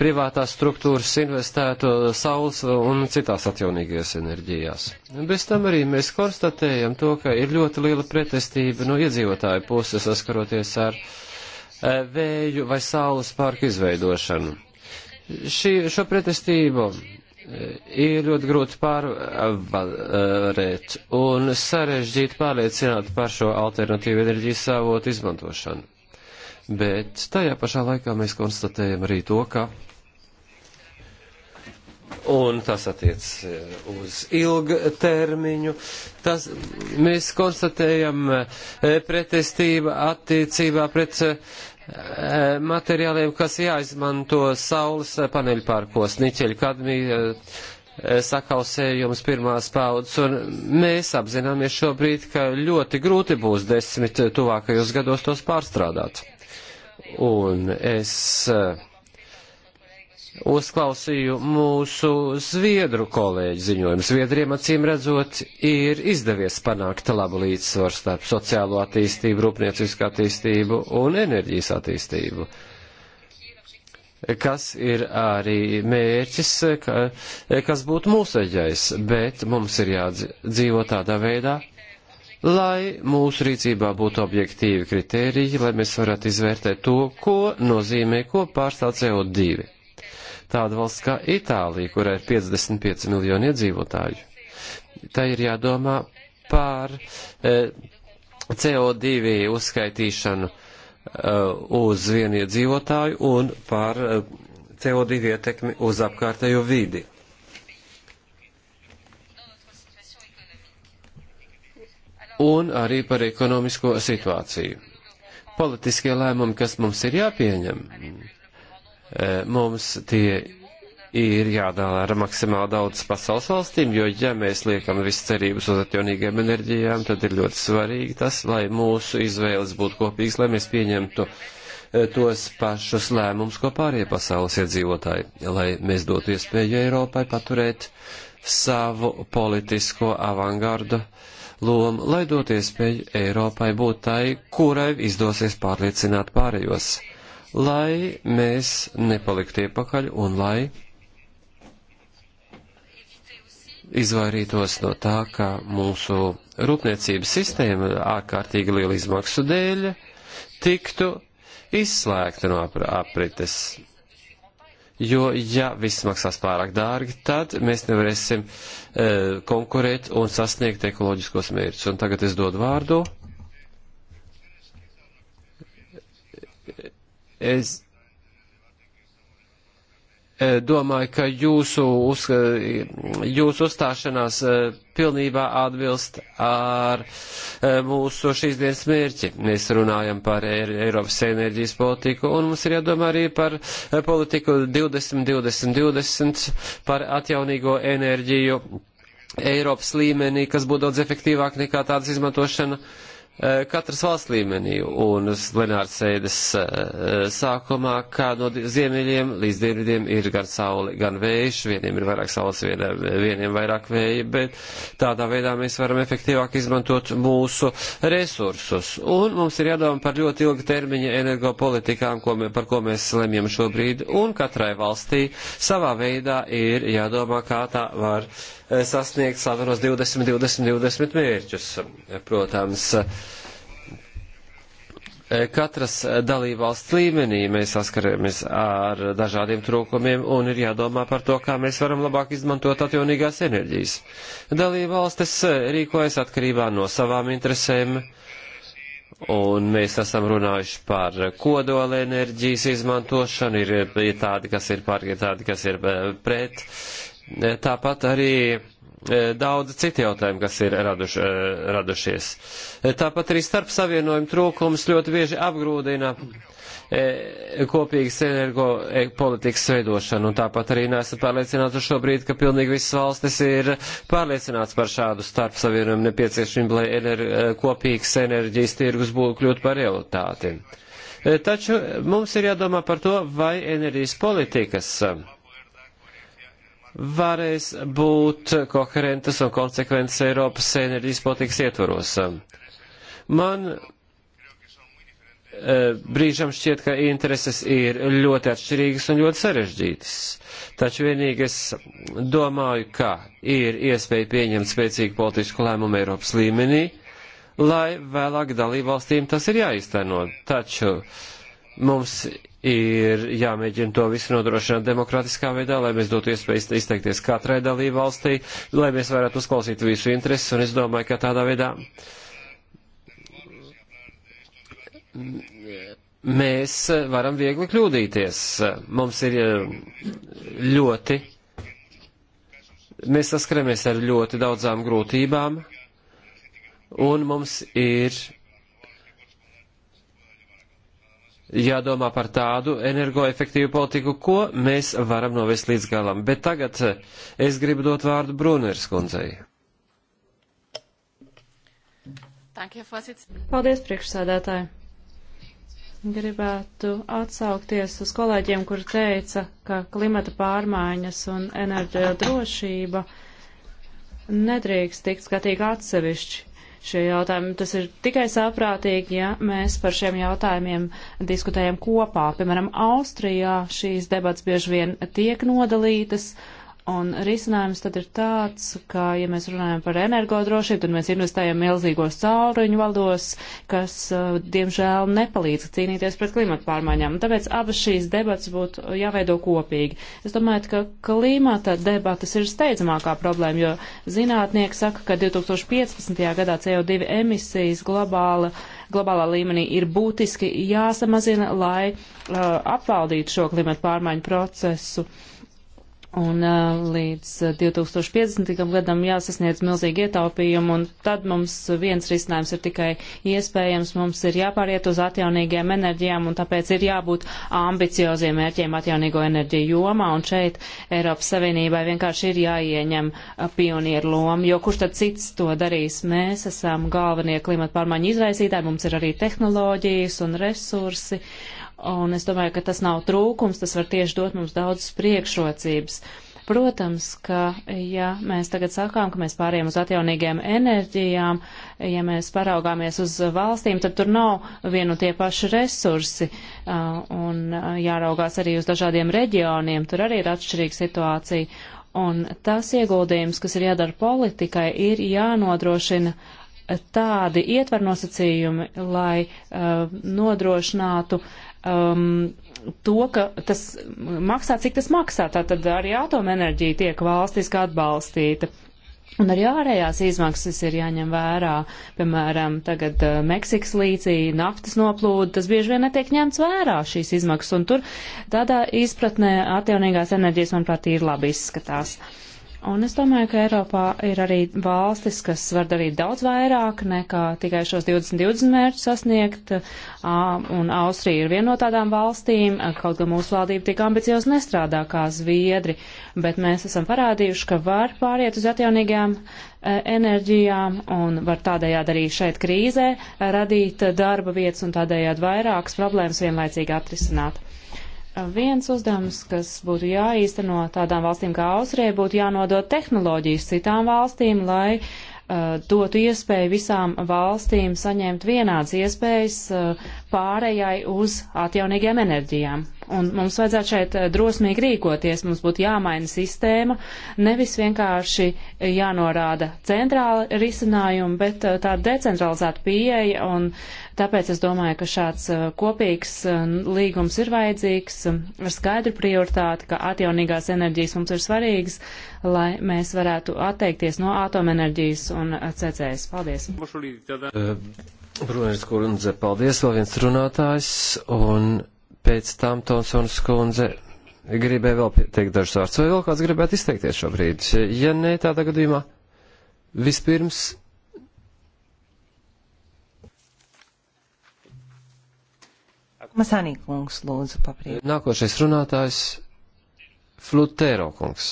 privātās struktūras investētu saules un citās atjaunīgajās enerģijās. Bez tam arī mēs konstatējam to, ka ir ļoti liela pretestība no iedzīvotāju puses saskaroties ar e, vēju vai saules parku izveidošanu. Šī, šo pretestību Eh, ir ļoti grūti pārvarēt un sarežģīti pārliecināt par šo alternatīvu enerģijas savotu izmantošanu. Bet tajā pašā laikā mēs konstatējam arī to, ka un tas attiec eh, uz ilgtermiņu. Tas, mēs konstatējam eh, pretestību attiecībā pret Eh, materiāliem, kas jāizmanto saules paneļu pārkos, niķeļu kadmiju, eh, eh, sakausējums pirmās paudzes, un mēs apzināmies šobrīd, ka ļoti grūti būs desmit tuvākajos gados tos pārstrādāt. Un es uh, uzklausīju mūsu zviedru kolēģi ziņojumu. Zviedriem acīm redzot, ir izdevies panākt labu līdzsvaru starp sociālo attīstību, rūpniecisku attīstību un enerģijas attīstību. Kas ir arī mērķis, ka, kas būtu mūsēģais, bet mums ir jādzīvo tādā veidā, lai mūsu rīcībā būtu objektīvi kritēriji, lai mēs varētu izvērtēt to, ko nozīmē, ko pārstāv CO2 tāda valsts kā Itālija, kurai ir 55 miljoni iedzīvotāju. Tā ir jādomā par eh, CO2 uzskaitīšanu eh, uz vienu iedzīvotāju un par eh, CO2 ietekmi uz apkārtējo vidi. Un arī par ekonomisko situāciju. Politiskie lēmumi, kas mums ir jāpieņem, Eh, mums tie ir jādala ar maksimāli daudz pasaules valstīm, jo ja mēs liekam visu cerības uz atjaunīgiem enerģijām, tad ir ļoti svarīgi tas, lai mūsu izvēles būtu kopīgas, lai mēs pieņemtu eh, tos pašus lēmumus, ko pārējie pasaules iedzīvotāji, lai mēs dotu iespēju Eiropai paturēt savu politisko avangardu lomu, lai dotu iespēju Eiropai būt tai, kurai izdosies pārliecināt pārējos lai mēs nepaliktu iepakaļ un lai izvairītos no tā, ka mūsu rūpniecības sistēma ārkārtīgi lielu izmaksu dēļ tiktu izslēgta no aprites. Jo, ja viss maksās pārāk dārgi, tad mēs nevarēsim e, konkurēt un sasniegt ekoloģiskos mērķus. Un tagad es dodu vārdu Es e, domāju, ka jūsu, uz, jūsu uzstāšanās e, pilnībā atbilst ar e, mūsu šīs dienas mērķi. Mēs runājam par Eiropas enerģijas politiku un mums ir jādomā arī par politiku 2020-2020, par atjaunīgo enerģiju Eiropas līmenī, kas būtu daudz efektīvāk nekā tādas izmantošana uh, Eh, katras valsts līmenī un plenāras sēdes eh, sākumā, kā no ziemeļiem līdz dienvidiem ir gan saule, gan vējš, vieniem ir vairāk saules, vieniem, vieniem vairāk vēja, bet tādā veidā mēs varam efektīvāk izmantot mūsu resursus. Un mums ir jādomā par ļoti ilga termiņa energopolitikām, ko, mē, par ko mēs lemjam šobrīd, un katrai valstī savā veidā ir jādomā, kā tā var eh, sasniegt slavenos 20, 20, 20 mērķus. Protams, katras dalībvalsts līmenī mēs saskaramies ar dažādiem trūkumiem un ir jādomā par to, kā mēs varam labāk izmantot atjaunīgās enerģijas. Dalībvalstis rīkojas atkarībā no savām interesēm. Un mēs esam runājuši par kodola enerģijas izmantošanu, ir, ir tādi, kas ir par, ir tādi, kas ir eh, pret. Tāpat arī Eh, daudz citi jautājumi, kas ir raduš, eh, radušies. Eh, tāpat arī starp savienojumu trūkums ļoti bieži apgrūdina kopīgas energo politikas veidošanu, un tāpat arī neesam pārliecināti šobrīd, ka pilnīgi visas valstis ir pārliecināts par šādu starp savienojumu nepieciešamību, lai ener, kopīgas enerģijas tirgus būtu kļūt par realitāti. Taču mums ir jādomā par to, vai enerģijas politikas varēs būt koherentas un konsekventas Eiropas enerģijas politikas ietvaros. Man eh, brīžam šķiet, ka intereses ir ļoti atšķirīgas un ļoti sarežģītas. Taču vienīgi es domāju, ka ir iespēja pieņemt spēcīgu politisku lēmumu Eiropas līmenī, lai vēlāk dalībvalstīm tas ir jāizteno. Taču mums ir jāmēģina to visu nodrošināt demokrātiskā veidā, lai mēs dotu iespēju izteikties katrai dalību valstī, lai mēs varētu uzklausīt visu intereses, un es domāju, ka tādā veidā mēs varam viegli kļūdīties. Mums ir eh, ļoti, mēs saskaramies ar ļoti daudzām grūtībām, un mums ir jādomā par tādu energoefektīvu politiku, ko mēs varam novest līdz galam. Bet tagad eh, es gribu dot vārdu Bruners kundzei. Paldies, priekšsēdētāji. Gribētu atsaukties uz kolēģiem, kur teica, ka klimata pārmaiņas un enerģija drošība nedrīkst tikt skatīgi atsevišķi šie jautājumi. Tas ir tikai saprātīgi, ja mēs par šiem jautājumiem diskutējam kopā. Piemēram, Austrijā šīs debats bieži vien tiek nodalītas. Uh, Un risinājums tad ir tāds, ka, ja mēs runājam par energodrošību, tad mēs investējam milzīgos cauruņu valdos, kas, eh, diemžēl, nepalīdz cīnīties pret klimatu pārmaiņām. Un tāpēc abas šīs debatas būtu jāveido kopīgi. Es domāju, ka klimata debatas ir steidzamākā problēma, jo zinātnieki saka, ka 2015. gadā CO2 emisijas globāla, globālā līmenī ir būtiski jāsamazina, lai uh, apvaldītu šo klimatu pārmaiņu procesu. Uh, Un līdz 2050. gadam jāsasniedz milzīgi ietaupījumi, un tad mums viens risinājums ir tikai iespējams. Mums ir jāpāriet uz atjaunīgiem enerģijām, un tāpēc ir jābūt ambicioziem mērķiem atjaunīgo enerģiju jomā, un šeit Eiropas Savienībai vienkārši ir jāieņem pionieru lomu, jo kurš tad cits to darīs? Mēs esam galvenie klimata pārmaiņu izraisītāji, mums ir arī tehnoloģijas un resursi. Uh, Un es domāju, ka tas nav trūkums, tas var tieši dot mums daudzas priekšrocības. Protams, ka ja mēs tagad sakām, ka mēs pārējām uz atjaunīgiem enerģijām, ja mēs paraugāmies uz valstīm, tad tur nav vienu tie paši resursi un jāraugās arī uz dažādiem reģioniem, tur arī ir atšķirīga situācija. Un tas ieguldījums, kas ir jādara politikai, ir jānodrošina tādi ietvernosacījumi, lai uh, nodrošinātu uh, um, to, ka tas maksā, cik tas maksā. Tātad arī atomenerģija tiek valstiski atbalstīta. Un arī ārējās izmaksas ir jāņem vērā. Piemēram, tagad uh, Meksikas līcī naftas noplūda, tas bieži vien netiek ņemts vērā šīs izmaksas. Un tur tādā izpratnē atjaunīgās enerģijas, manuprāt, ir labi izskatās. Uh, Un es domāju, ka Eiropā ir arī valstis, kas var darīt daudz vairāk nekā tikai šos 2020 mērķus sasniegt, un Austrija ir viena no tādām valstīm, kaut gan mūsu valdība tik ambiciozi nestrādā kā Zviedri, bet mēs esam parādījuši, ka var pāriet uz atjaunīgām e, enerģijām un var tādējādi arī šeit krīzē radīt darba vietas un tādējādi vairākas problēmas vienlaicīgi atrisināt viens uzdevums, kas būtu jāīsteno tādām valstīm kā Austrija, būtu jānodot tehnoloģijas citām valstīm, lai uh, dotu iespēju visām valstīm saņemt vienādas iespējas uh, pārējai uz atjaunīgiem enerģijām. Un mums vajadzētu šeit uh, drosmīgi rīkoties, mums būtu jāmaina sistēma, nevis vienkārši jānorāda centrāla risinājuma, bet uh, tāda decentralizēta pieeja un uh, Tāpēc es domāju, ka šāds uh, kopīgs uh, līgums ir vajadzīgs um, ar skaidru prioritāti, ka atjaunīgās enerģijas mums ir svarīgas, lai mēs varētu atteikties no atomenerģijas un uh, CCS. Paldies! Brunērs kundze, paldies, vēl viens runātājs, un pēc tam Tomsons kundze gribēja vēl teikt dažus vārdus, vai vēl kāds gribētu izteikties šobrīd? Ja nē, tādā gadījumā vispirms Masānī kungs, lūdzu, papriek. Nākošais runātājs Flutēro kungs.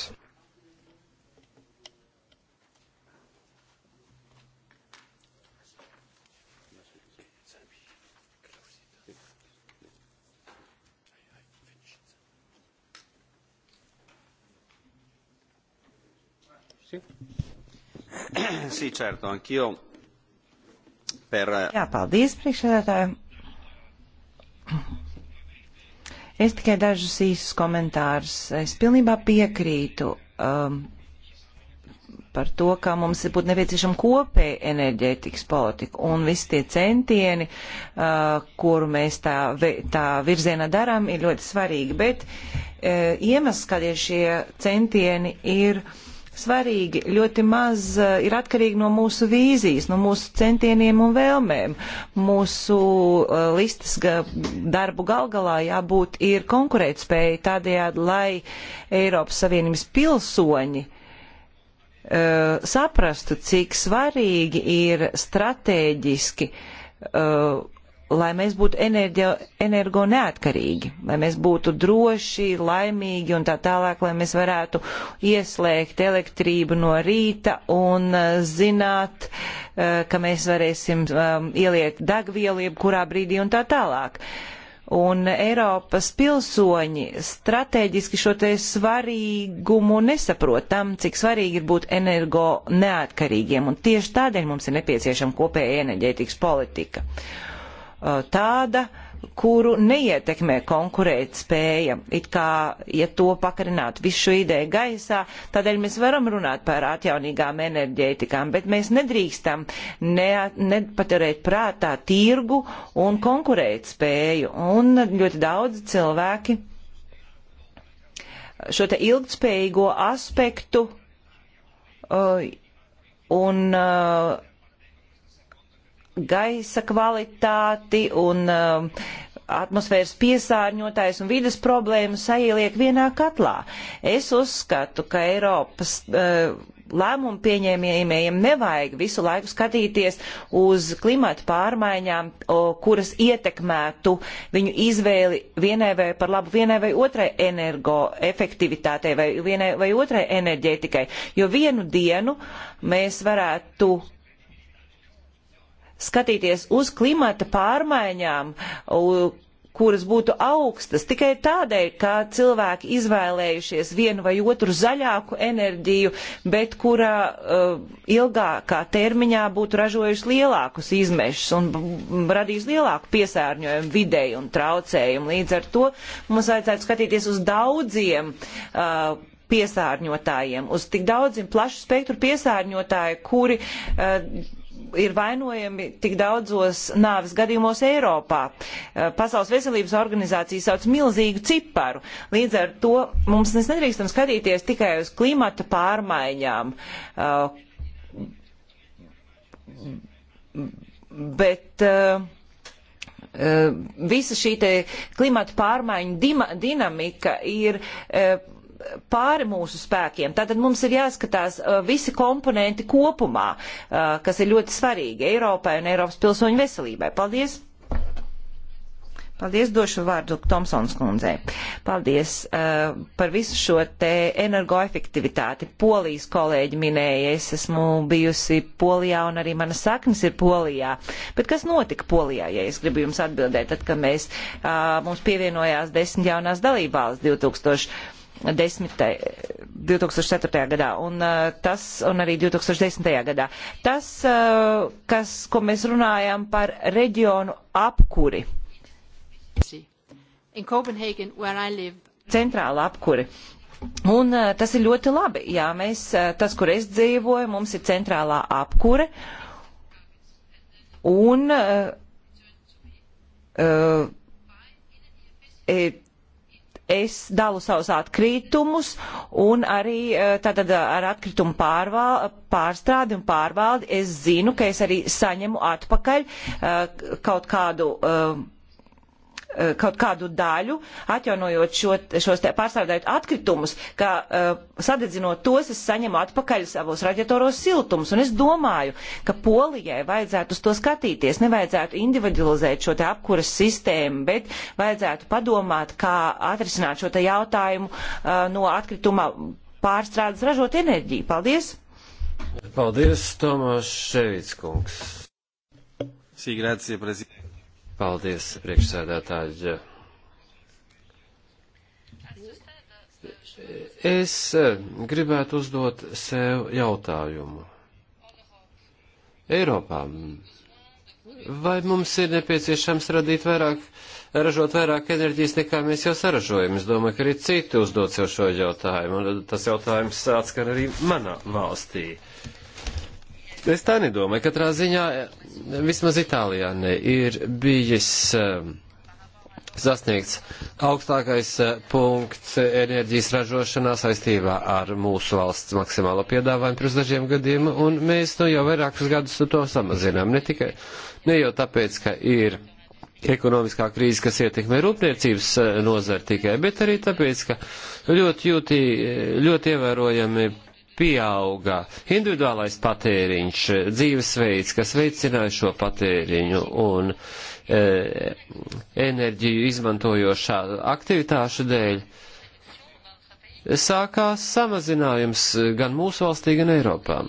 Sì, certo, anch'io per... Eh, Jā, paldies, priekšsēdētāji. Es tikai dažus īsus komentārus. Es pilnībā piekrītu um, par to, kā mums būtu nepieciešama kopēja enerģētikas politika un visi tie centieni, uh, kuru mēs tā, tā virzienā darām, ir ļoti svarīgi. Bet uh, iemesls, kādēļ šie centieni ir uh, svarīgi, ļoti maz eh, ir atkarīgi no mūsu vīzijas, no mūsu centieniem un vēlmēm. Mūsu eh, listas darbu galgalā jābūt ir konkurētspēja tādējādi, lai Eiropas Savienības pilsoņi eh, saprastu, cik svarīgi ir stratēģiski uh, lai mēs būtu enerģo, energo neatkarīgi, lai mēs būtu droši, laimīgi un tā tālāk, lai mēs varētu ieslēgt elektrību no rīta un uh, zināt, uh, ka mēs varēsim um, eh, ieliet degvielu jebkurā brīdī un tā tālāk. Un Eiropas pilsoņi strateģiski šo te svarīgumu nesaprot tam, cik svarīgi ir būt energo neatkarīgiem. Un tieši tādēļ mums ir nepieciešama kopēja enerģētikas politika. Uh, Uh, tāda, kuru neietekmē konkurēt spēja. It kā, ja to pakarinātu visu šo ideju gaisā, tādēļ mēs varam runāt par atjaunīgām enerģētikām, bet mēs nedrīkstam ne, nepaturēt prātā tirgu un konkurēt spēju. Un ļoti daudz cilvēki šo te ilgtspējīgo aspektu uh, un uh, gaisa kvalitāti un um, atmosfēras piesārņotājs un vidas problēmas saieliek vienā katlā. Es uzskatu, ka Eiropas uh, lēmumu pieņēmējiem nevajag visu laiku skatīties uz klimatu pārmaiņām, o, kuras ietekmētu viņu izvēli vienai vai par labu vienai vai otrai energoefektivitātei vai vienai vai otrai enerģētikai. Jo vienu dienu mēs varētu skatīties uz klimata pārmaiņām, kuras būtu augstas tikai tādēļ, ka cilvēki izvēlējušies vienu vai otru zaļāku enerģiju, bet kurā uh, ilgākā termiņā būtu ražojuši lielākus izmešus un radījis lielāku piesārņojumu videi un traucējumu. Līdz ar to mums vajadzētu skatīties uz daudziem. Uh, piesārņotājiem, uz tik daudziem plašu spektru piesārņotāju, kuri uh, ir vainojami tik daudzos nāves gadījumos Eiropā. Eh, Pasaules veselības organizācija sauc milzīgu ciparu. Līdz ar to mums mēs nedrīkstam skatīties tikai uz klimata pārmaiņām. Eh, bet uh, visa šī klimata pārmaiņu dinamika ir uh, pāri mūsu spēkiem. Tātad mums ir jāskatās uh, visi komponenti kopumā, uh, kas ir ļoti svarīgi Eiropai un Eiropas pilsoņu veselībai. Paldies! Paldies, došu vārdu Tomsons kundzei. Paldies uh, par visu šo te energoefektivitāti. Polijas kolēģi minēja, es esmu bijusi Polijā un arī mana saknes ir Polijā. Bet kas notika Polijā, ja es gribu jums atbildēt, tad, kad mēs, uh, mums pievienojās desmit jaunās dalībvalsts 2000 desmitē, 2004. Eh, gadā un, eh, tas, un arī 2010. gadā. Tas, eh, kas, ko mēs runājam par reģionu apkuri, live... centrāla apkuri. Un tas ir ļoti labi. Jā, mēs, tas, kur es dzīvoju, mums ir centrālā apkure. Un uh, uh, ir es dalu savus atkritumus un arī e, tātad e, ar atkritumu pārval, pārstrādi un pārvaldi es zinu, ka es arī saņemu atpakaļ e, kaut kādu Eh, kaut kādu daļu, atjaunojot šo, šos te pārstrādājot atkritumus, ka eh, sadedzinot tos, es saņemu atpakaļ savos raģatoros siltumus. Un es domāju, ka Polijai vajadzētu uz to skatīties, nevajadzētu individualizēt šo te apkuras sistēmu, bet vajadzētu padomāt, kā atrisināt šo te jautājumu eh, no atkrituma pārstrādes ražot enerģiju. Paldies! Paldies, Tomas Ševits kungs! Sī, grācija, prezidents. Paldies, priekšsēdētāji. Es eh, gribētu uzdot sev jautājumu. Eiropā vai mums ir nepieciešams radīt vairāk, ražot vairāk enerģijas nekā mēs jau saražojam? Es domāju, ka arī citi uzdod sev šo jautājumu, un tas jautājums atskan arī manā valstī. Uh, Es tā nedomāju. Katrā ziņā, eh, vismaz Itālijā, ne, ir bijis eh, sasniegts augstākais eh, punkts enerģijas ražošanā saistībā ar mūsu valsts maksimālo piedāvājumu pirms dažiem gadiem, un mēs nu, jau vairākus gadus to samazinām. Ne tikai, ne jau tāpēc, ka ir ekonomiskā krīze, kas ietekmē rūpniecības nozari tikai, bet arī tāpēc, ka ļoti, jūtī, ļoti ievērojami pieauga individuālais patēriņš, dzīvesveids, kas veicināja šo patēriņu un e, enerģiju izmantojošā aktivitāšu dēļ, sākās samazinājums gan mūsu valstī, gan Eiropā.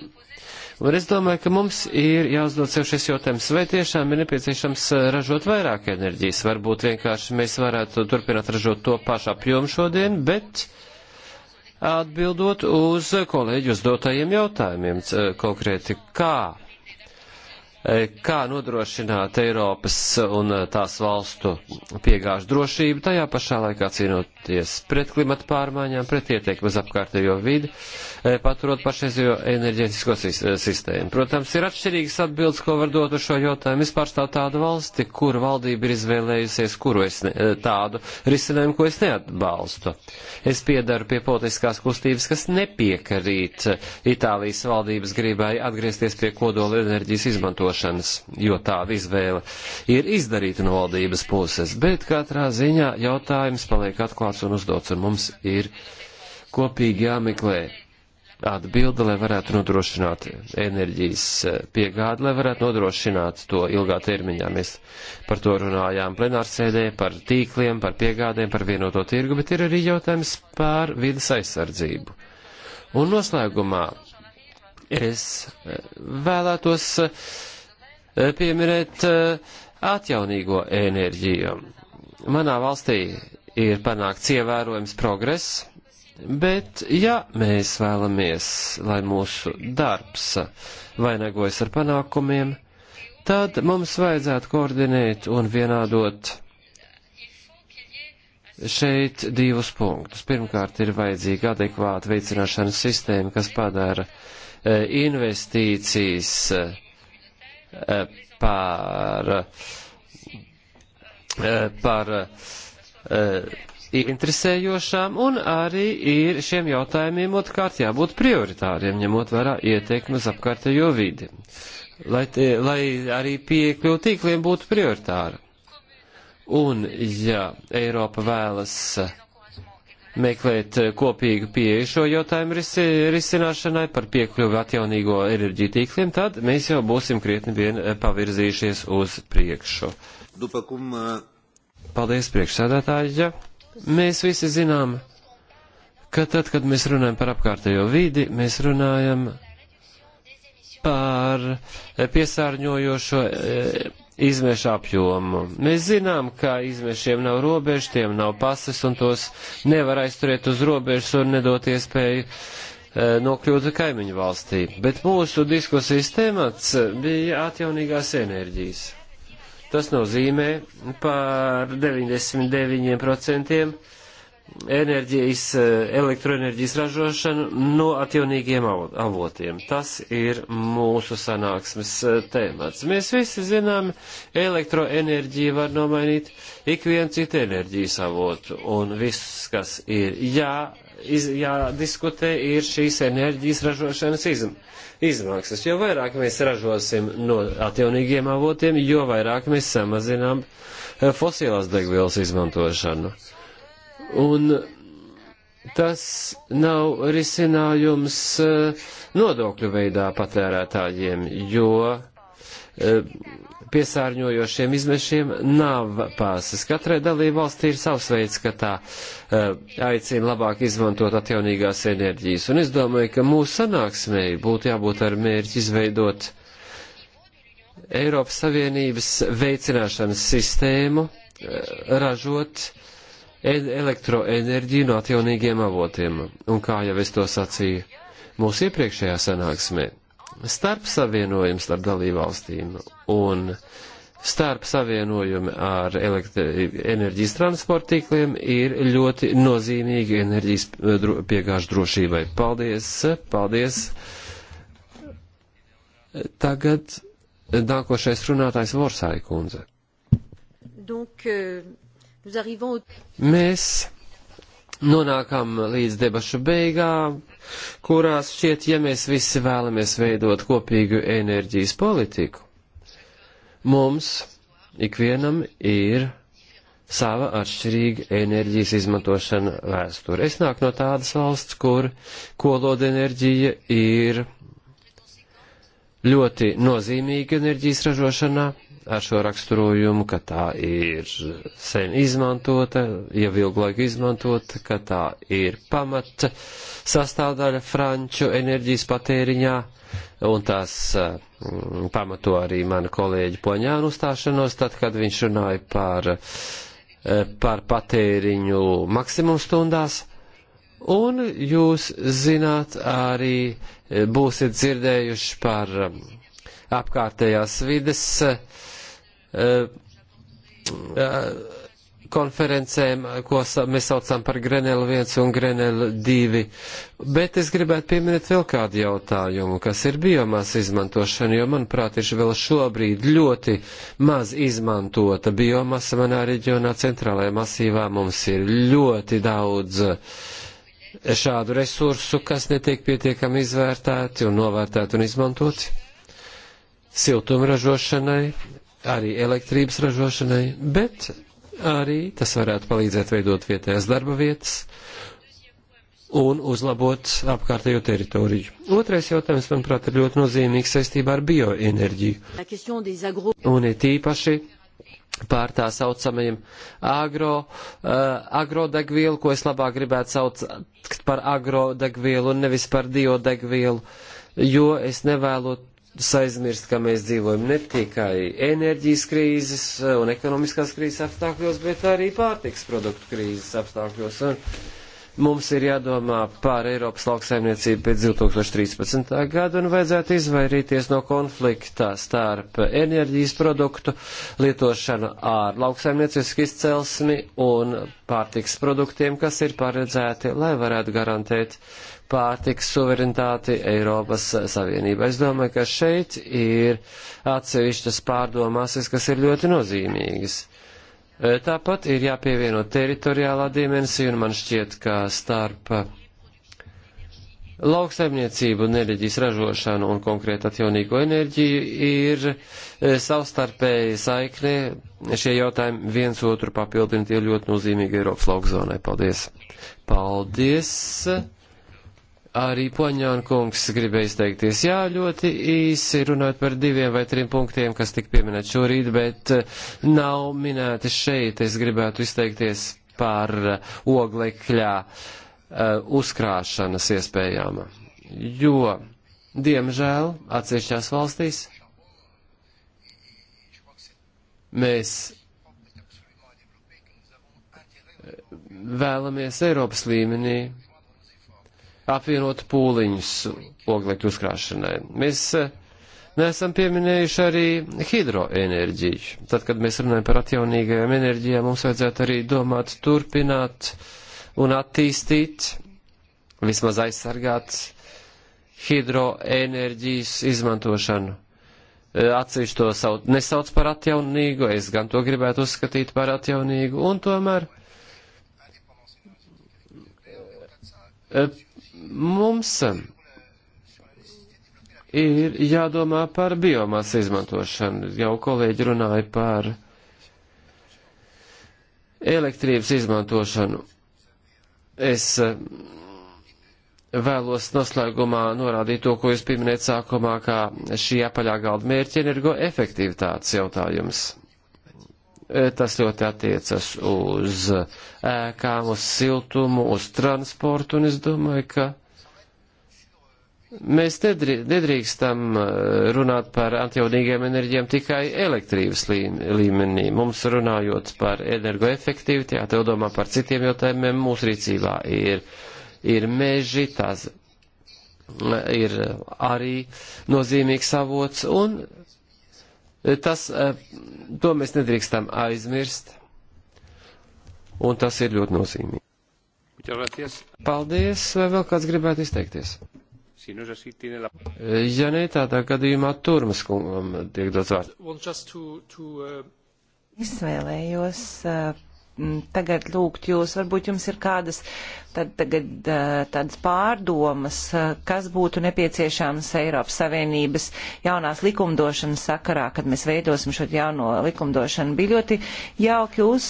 Un es domāju, ka mums ir jāuzdod sev šis jautājums, vai tiešām ir nepieciešams ražot vairāk enerģijas. Varbūt vienkārši mēs varētu turpināt ražot to pašu apjomu šodien, bet uh, atbildot uz kolēģi uzdotajiem jautājumiem konkrēti, kā E, kā nodrošināt Eiropas un e, tās valstu piegāžu drošību, tajā pašā laikā cīnoties pret klimata pārmaiņām, pret ietekmes apkārtējo vidi, e, paturot pašreizējo enerģētisko sistēmu. Protams, ir atšķirīgas atbildes, ko var dot uz šo jautājumu. Es pārstāvu tādu valsti, kur valdība ir izvēlējusies, kuru es ne, tādu risinājumu, ko es neatbalstu. Es piedaru pie politiskās kustības, kas nepiekarīt Itālijas valdības gribai atgriezties pie kodola enerģijas izmantošanas likumdošanas, jo tāda izvēle ir izdarīta no valdības puses. Bet katrā ziņā jautājums paliek atklāts un uzdots, un mums ir kopīgi jāmeklē atbilde, lai varētu nodrošināt enerģijas eh, piegādi, lai varētu nodrošināt to ilgā termiņā. Mēs par to runājām plenārsēdē, par tīkliem, par piegādēm, par vienoto tirgu, bet ir arī jautājums par vidas aizsardzību. Un noslēgumā es eh, vēlētos eh, Eh, pieminēt eh, atjaunīgo enerģiju. Manā valstī ir panākts ievērojams progress, bet ja mēs vēlamies, lai mūsu darbs vainagojas ar panākumiem, tad mums vajadzētu koordinēt un vienādot šeit divus punktus. Pirmkārt, ir vajadzīga adekvāta veicināšanas sistēma, kas padara eh, investīcijas Eh, par, eh, par eh, interesējošām, un arī ir šiem jautājumiem otrkārt jābūt prioritāriem, ņemot vērā ietekmi uz apkārtējo vidi, lai, te, lai arī piekļuvu tīkliem būtu prioritāra. Un, ja Eiropa vēlas uh, meklēt eh, kopīgu pieeju šo jautājumu risi, risināšanai par piekļuvi atjaunīgo enerģiju tīkliem, tad mēs jau būsim krietni vien eh, pavirzījušies uz priekšu. Dupakum, uh... Eh, Paldies, priekšsēdētāji. Mēs visi zinām, ka tad, kad mēs runājam par apkārtējo vidi, mēs runājam par piesārņojošo. Uh, izmešu apjomu. Mēs zinām, ka izmešiem nav robežu, tiem nav pases un tos nevar aizturēt uz robežas un nedot iespēju e, nokļūt kaimiņu valstī. Bet mūsu diskusijas temats bija atjaunīgās enerģijas. Tas nozīmē par 99% enerģijas, eh, elektroenerģijas ražošanu no atjaunīgiem avotiem. Tas ir mūsu sanāksmes eh, tēmats. Mēs visi zinām, elektroenerģija var nomainīt ik vienu citu enerģijas avotu, un viss, kas ir jā, iz, jādiskutē, ir šīs enerģijas ražošanas izm, izmaksas. Jo vairāk mēs ražosim no atjaunīgiem avotiem, jo vairāk mēs samazinām eh, fosilās degvielas izmantošanu. Uh, Un tas nav risinājums eh, nodokļu veidā patērētājiem, jo eh, piesārņojošiem izmešiem nav pāses. Katrai dalību valstī ir savs veids, ka tā eh, aicina labāk izmantot atjaunīgās enerģijas. Un es domāju, ka mūsu sanāksmēji būtu jābūt ar mērķi izveidot Eiropas Savienības veicināšanas sistēmu, ražot uh, elektroenerģiju no atjaunīgiem avotiem. Un kā jau es to sacīju mūsu iepriekšējā sanāksmē, starp savienojumu starp dalībvalstīm un starp savienojumi ar enerģijas transporta tīkliem ir ļoti nozīmīgi enerģijas eh, piegāžu drošībai. Paldies, paldies. Tagad nākošais runātājs Vorsāja kundze. Donc, euh Mēs nonākam līdz debašu beigām, kurās šķiet, ja mēs visi vēlamies veidot kopīgu enerģijas politiku, mums ikvienam ir sava atšķirīga enerģijas izmantošana vēsture. Es nāku no tādas valsts, kur koloda enerģija ir ļoti nozīmīga enerģijas ražošanā, ar šo raksturojumu, ka tā ir sen izmantota, jau ilgu laiku izmantota, ka tā ir pamata sastāvdaļa franču enerģijas patēriņā, un tās mm, pamato arī mana kolēģa Poņāna uzstāšanos, tad, kad viņš runāja par, par patēriņu maksimum stundās. Un jūs zināt, arī būsiet dzirdējuši par mm, apkārtējās vides uh, Eh, eh, konferencēm, ko mēs saucam par Grenelu 1 un Grenelu 2. Bet es gribētu pieminēt vēl kādu jautājumu, kas ir biomas izmantošana, jo, manuprāt, ir vēl šobrīd ļoti maz izmantota biomasa manā reģionā centrālajā masīvā. Mums ir ļoti daudz eh, šādu resursu, kas netiek pietiekami izvērtēti un novērtēti un izmantoti siltumražošanai, arī elektrības ražošanai, bet arī tas varētu palīdzēt veidot vietējās darba vietas un uzlabot apkārtējo teritoriju. Otrais jautājums, manuprāt, ir ļoti nozīmīgs saistībā ar bioenerģiju. Un ir tīpaši pār tā saucamajiem agro, uh, agrodegvielu, ko es labāk gribētu saukt par agrodegvielu un nevis par diodegvielu, jo es nevēlu aizmirst, ka mēs dzīvojam ne tikai enerģijas krīzes eh, un ekonomiskās krīzes apstākļos, bet arī pārtiks produktu krīzes apstākļos. Un mums ir jādomā par Eiropas lauksaimniecību pēc 2013. gada un vajadzētu izvairīties no konflikta starp enerģijas produktu lietošanu ar lauksaimniecisku izcelsmi un pārtiks produktiem, kas ir paredzēti, lai varētu garantēt pārtiks suverenitāti Eiropas Savienībā. Es domāju, ka šeit ir atsevišķas pārdomāsis, kas ir ļoti nozīmīgas. E, tāpat ir jāpievieno teritoriālā dimensija, un man šķiet, ka starp lauksaimniecību, enerģijas ražošanu un konkrēti atjaunīgo enerģiju ir e, savstarpēji saiknē. Šie jautājumi viens otru papildina, tie ļoti nozīmīgi Eiropas laukzonai. Paldies! Paldies! Arī Poņāna kungs gribēja izteikties. Jā, ļoti īsi runāt par diviem vai trim punktiem, kas tik pieminēt šorīt, bet eh, nav minēti šeit. Es gribētu izteikties par eh, oglekļā eh, uzkrāšanas iespējām. Jo, diemžēl, atsevišķās valstīs mēs vēlamies Eiropas līmenī apvienot pūliņus oglekļu uzkrāšanai. Mēs eh, neesam pieminējuši arī hidroenerģiju. Tad, kad mēs runājam par atjaunīgajām enerģijām, mums vajadzētu arī domāt turpināt un attīstīt, vismaz aizsargāt hidroenerģijas izmantošanu. Eh, atsevišķi to sau, nesauc par atjaunīgu, es gan to gribētu uzskatīt par atjaunīgu, un tomēr eh, Mums ir jādomā par biomasu izmantošanu. Jau kolēģi runāja par elektrības izmantošanu. Es eh, vēlos noslēgumā norādīt to, ko jūs pieminējat sākumā, kā šī apaļā galda mērķi energo efektivitātes jautājums. Tas ļoti attiecas uz ēkām, uz siltumu, uz transportu, un es domāju, ka mēs nedrīkstam uh, runāt par atjaunīgiem enerģiem tikai elektrības līmenī. Mums runājot par energoefektivitāti, jādomā par citiem jautājumiem, mūsu rīcībā ir, ir meži, tās uh, ir arī nozīmīgs avots, un Tas, e, to mēs nedrīkstam aizmirst, un tas ir ļoti nozīmīgi. Paldies, vai vēl kāds gribētu izteikties? E, ja nē, tādā gadījumā Turmas kungam tiek dots vārds. Uh, es vēlējos uh, Mm, tagad lūgt jūs, varbūt jums ir kādas tad, tagad, tādas pārdomas, kas būtu nepieciešams Eiropas Savienības jaunās likumdošanas sakarā, kad mēs veidosim šo jauno likumdošanu. Bija ļoti jauki jūs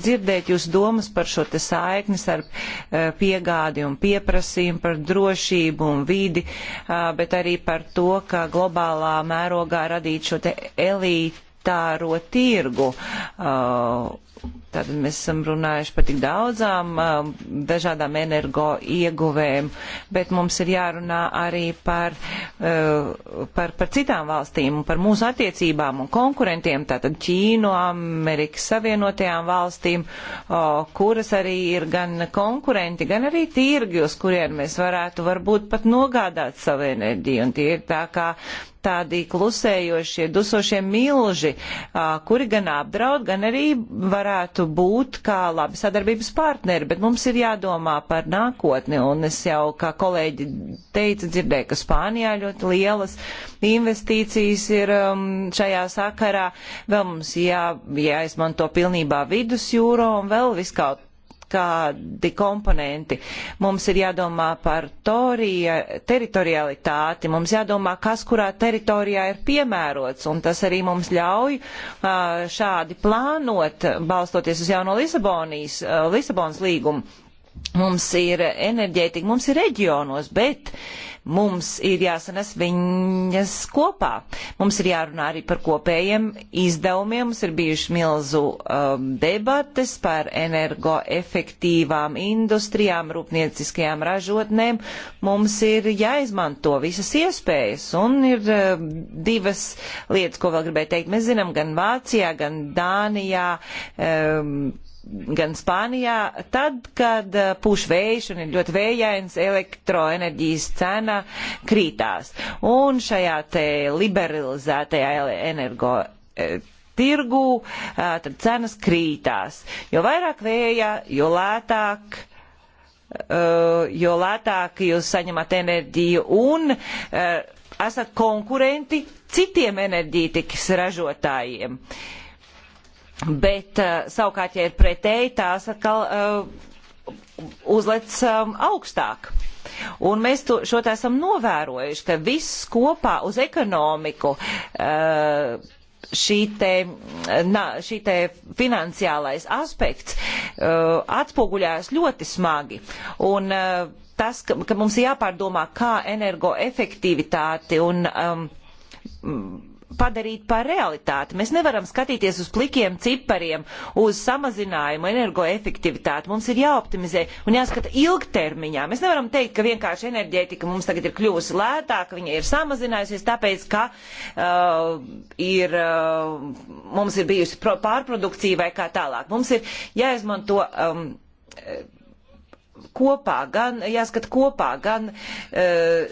dzirdēt jūs domas par šo te saiknis ar piegādi un pieprasījumu par drošību un vidi, bet arī par to, ka globālā mērogā radīt šo te elītu monetāro tirgu. Uh, Tad mēs esam runājuši par tik daudzām um, dažādām energo ieguvēm, bet mums ir jārunā arī par, uh, par, par citām valstīm, par mūsu attiecībām un konkurentiem, tātad Ķīnu, Amerikas Savienotajām valstīm, kuras arī ir gan konkurenti, gan arī tirgi, uz kuriem mēs varētu varbūt pat nogādāt savu enerģiju. Un tie ir tā kā tādi klusējošie, dusošie milži, kuri gan apdraud, gan arī varētu varētu būt kā labi sadarbības partneri, bet mums ir jādomā par nākotni. Un es jau, kā kolēģi teica, dzirdēju, ka Spānijā ļoti lielas investīcijas ir um, šajā sakarā. Vēl mums jā, jāizmanto pilnībā vidusjūro un vēl viskaut kādi komponenti. Mums ir jādomā par torija, teritorialitāti, mums jādomā, kas kurā teritorijā ir piemērots, un tas arī mums ļauj šādi plānot, balstoties uz jauno Lisabonijas, Lisabonas līgumu Mums ir enerģētika, mums ir reģionos, bet mums ir jāsanes viņas kopā. Mums ir jārunā arī par kopējiem izdevumiem. Mums ir bijuši milzu um, debates par energoefektīvām industrijām, rūpnieciskajām ražotnēm. Mums ir jāizmanto visas iespējas. Un ir um, divas lietas, ko vēl gribēju teikt. Mēs zinām, gan Vācijā, gan Dānijā. Um, gan Spānijā, tad, kad eh, pūš vējš un ir ļoti vējains, elektroenerģijas cena krītās. Un šajā te liberalizētajā energo eh, tirgu, eh, tad cenas krītās. Jo vairāk vēja, jo lētāk. Jo lētāk jūs saņemat enerģiju un esat konkurenti citiem enerģītikas ražotājiem. Uh, Bet eh, savukārt, ja ir pretēji, tās atkal eh, uzlec um, augstāk. Un mēs to, šo tā esam novērojuši, ka viss kopā uz ekonomiku eh, šī te, na, šī te finansiālais aspekts atspoguļās ļoti smagi. Un tas, ka, ka mums jāpārdomā, kā energoefektivitāti un um, padarīt par realitāti. Mēs nevaram skatīties uz plikiem cipariem, uz samazinājumu energoefektivitāti. Mums ir jāoptimizē un jāskata ilgtermiņā. Mēs nevaram teikt, ka vienkārši enerģētika mums tagad ir kļuvusi lētāka, viņa ir samazinājusies, tāpēc, ka uh, ir, uh, mums ir bijusi pārprodukcija vai kā tālāk. Mums ir jāizmanto. Um, kopā, gan jāskat kopā, gan e,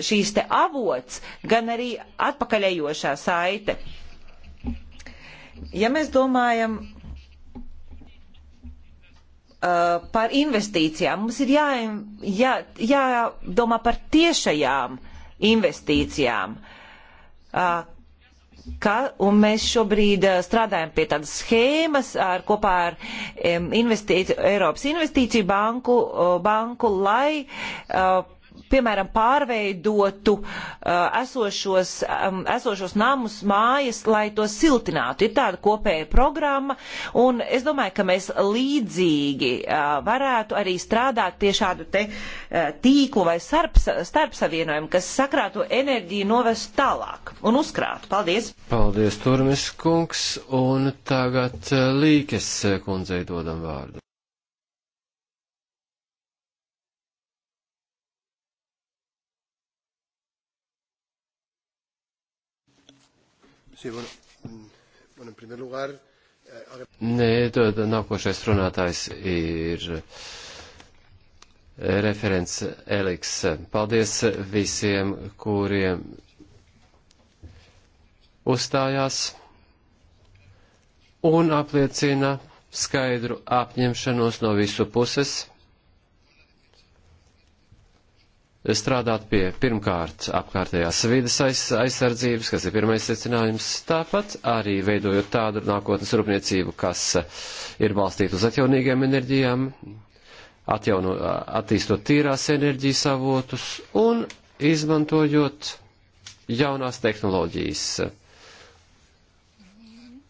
šīs te avots, gan arī atpakaļejošā saite. Ja mēs domājam e, par investīcijām, mums ir jā, jā, jādomā par tiešajām investīcijām, ka, un mēs šobrīd eh, strādājam pie tādas schēmas ar, kopā ar investīciju, Eiropas investīciju banku, banku lai uh, piemēram, pārveidotu uh, esošos, um, esošos namus, mājas, lai to siltinātu. Ir tāda kopēja programma, un es domāju, ka mēs līdzīgi uh, varētu arī strādāt pie šādu te uh, tīklu vai sarps, starpsavienojumu, kas sakrāto enerģiju novest tālāk un uzkrātu. Paldies! Paldies, Turmis kungs, un tagad uh, Līkes kundzei dodam vārdu. Sí, bueno, bueno, en primer lugar, eh, ahora... Nē, tad nākošais runātājs ir eh, referents Eliks. Paldies visiem, kuriem uzstājās un apliecina skaidru apņemšanos no visu puses strādāt pie pirmkārt apkārtējās vides aiz, aizsardzības, kas ir pirmais secinājums, tāpat arī veidojot tādu nākotnes rūpniecību, kas ir balstīta uz atjaunīgiem enerģijām, atjauno, attīstot tīrās enerģijas avotus un izmantojot jaunās tehnoloģijas.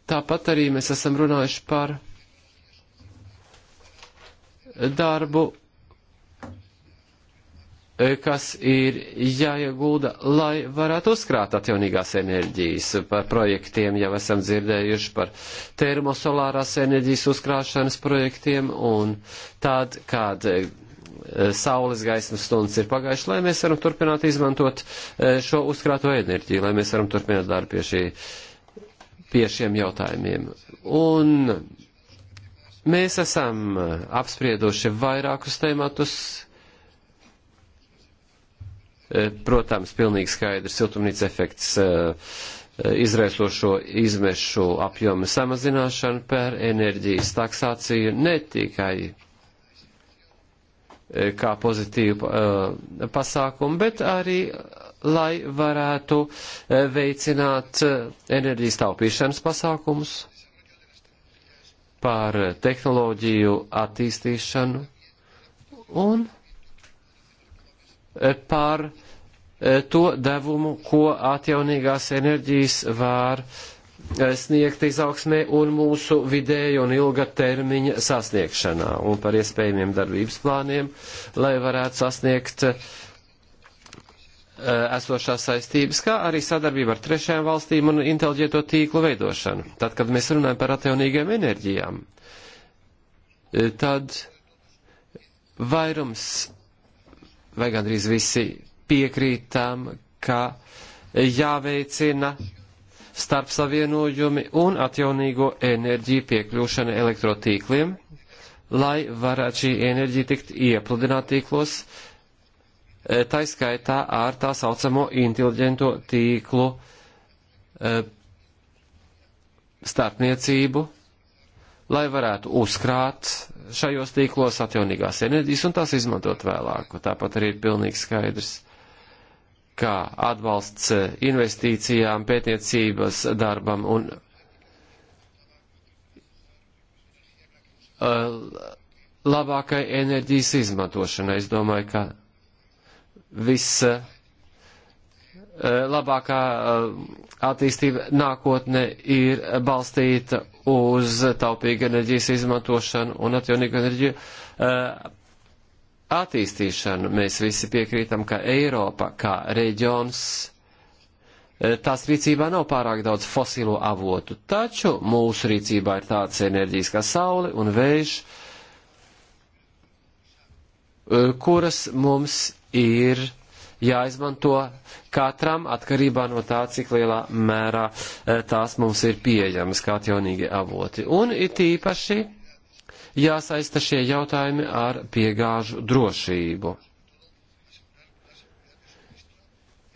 Tāpat arī mēs esam runājuši par darbu E, kas ir jāiegulda, lai varētu uzkrāt atjaunīgās enerģijas. Par projektiem jau esam dzirdējuši par termosolārās enerģijas uzkrāšanas projektiem un tad, kad e, saules gaismas stundas ir pagājušas, lai mēs varam turpināt izmantot e, šo uzkrāto enerģiju, lai mēs varam turpināt darbu pie, šī, pie šiem jautājumiem. Un mēs esam apsprieduši vairākus tematus E, protams, pilnīgi skaidrs siltumnīca efekts e, e, izraisošo izmešu apjomu samazināšanu per enerģijas taksāciju ne tikai kā pozitīvu pasākumu, bet arī lai varētu veicināt enerģijas taupīšanas pasākumus par tehnoloģiju attīstīšanu un Eh, par eh, to devumu, ko atjaunīgās enerģijas var eh, sniegt izaugsmē un mūsu vidēju un ilga termiņa sasniegšanā un par iespējamiem darbības plāniem, lai varētu sasniegt esošās saistības, kā arī sadarbība ar trešajām valstīm un inteliģēto tīklu veidošanu. Tad, kad mēs runājam par atjaunīgiem enerģijām, tad vairums vai gandrīz visi piekrītam, ka jāveicina starp savienojumi un atjaunīgo enerģiju piekļūšana elektrotīkliem, lai varētu šī enerģija tikt iepludināt tīklos, e, tā skaitā ar tā saucamo inteliģento tīklu e, starpniecību lai varētu uzkrāt šajos tīklos atjaunīgās enerģijas un tās izmantot vēlāk. Tāpat arī ir pilnīgi skaidrs, kā atbalsts eh, investīcijām, pētniecības darbam un eh, labākai enerģijas izmantošanai. Es domāju, ka viss eh, labākā attīstība nākotne ir balstīta uz taupīgu enerģijas izmantošanu un atjaunīgu enerģiju eh, attīstīšanu. Mēs visi piekrītam, ka Eiropa kā reģions eh, tās rīcībā nav pārāk daudz fosilo avotu, taču mūsu rīcībā ir tādas enerģijas kā saule un vējš, eh, kuras mums ir jāizmanto katram atkarībā no tā, cik lielā mērā eh, tās mums ir pieejamas kā atjaunīgi avoti. Un it īpaši jāsaista šie jautājumi ar piegāžu drošību.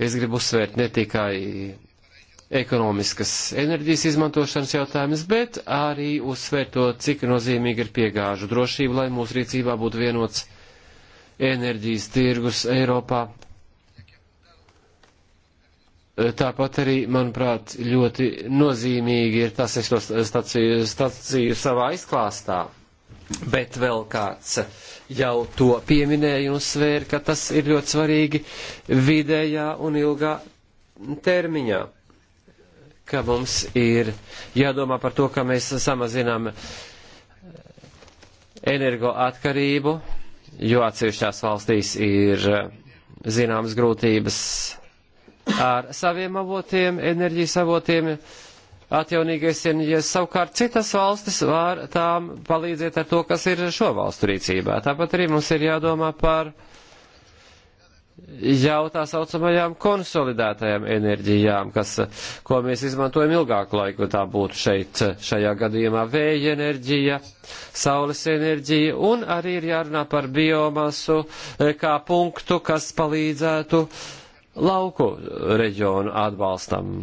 Es gribu uzsvērt ne tikai ekonomiskas enerģijas izmantošanas jautājumus, bet arī uzsvērt to, cik nozīmīgi ir piegāžu drošība, lai mūsu rīcībā būtu vienots enerģijas tirgus Eiropā Tāpat arī, manuprāt, ļoti nozīmīgi ir tas, es to staciju, staciju savā izklāstā, bet vēl kāds jau to pieminēja un uzsvēra, ka tas ir ļoti svarīgi vidējā un ilgā termiņā ka mums ir jādomā par to, ka mēs samazinām energoatkarību, jo atsevišķās valstīs ir zināmas grūtības ar saviem avotiem, enerģijas avotiem, atjaunīgais enerģijas. Savukārt citas valstis var tām palīdzēt ar to, kas ir šo valstu rīcībā. Tāpat arī mums ir jādomā par jau tā saucamajām konsolidētajām enerģijām, kas, ko mēs izmantojam ilgāku laiku, tā būtu šeit, šajā gadījumā vēja enerģija, saules enerģija, un arī ir jārunā par biomasu e, kā punktu, kas palīdzētu uh, lauku reģionu atbalstam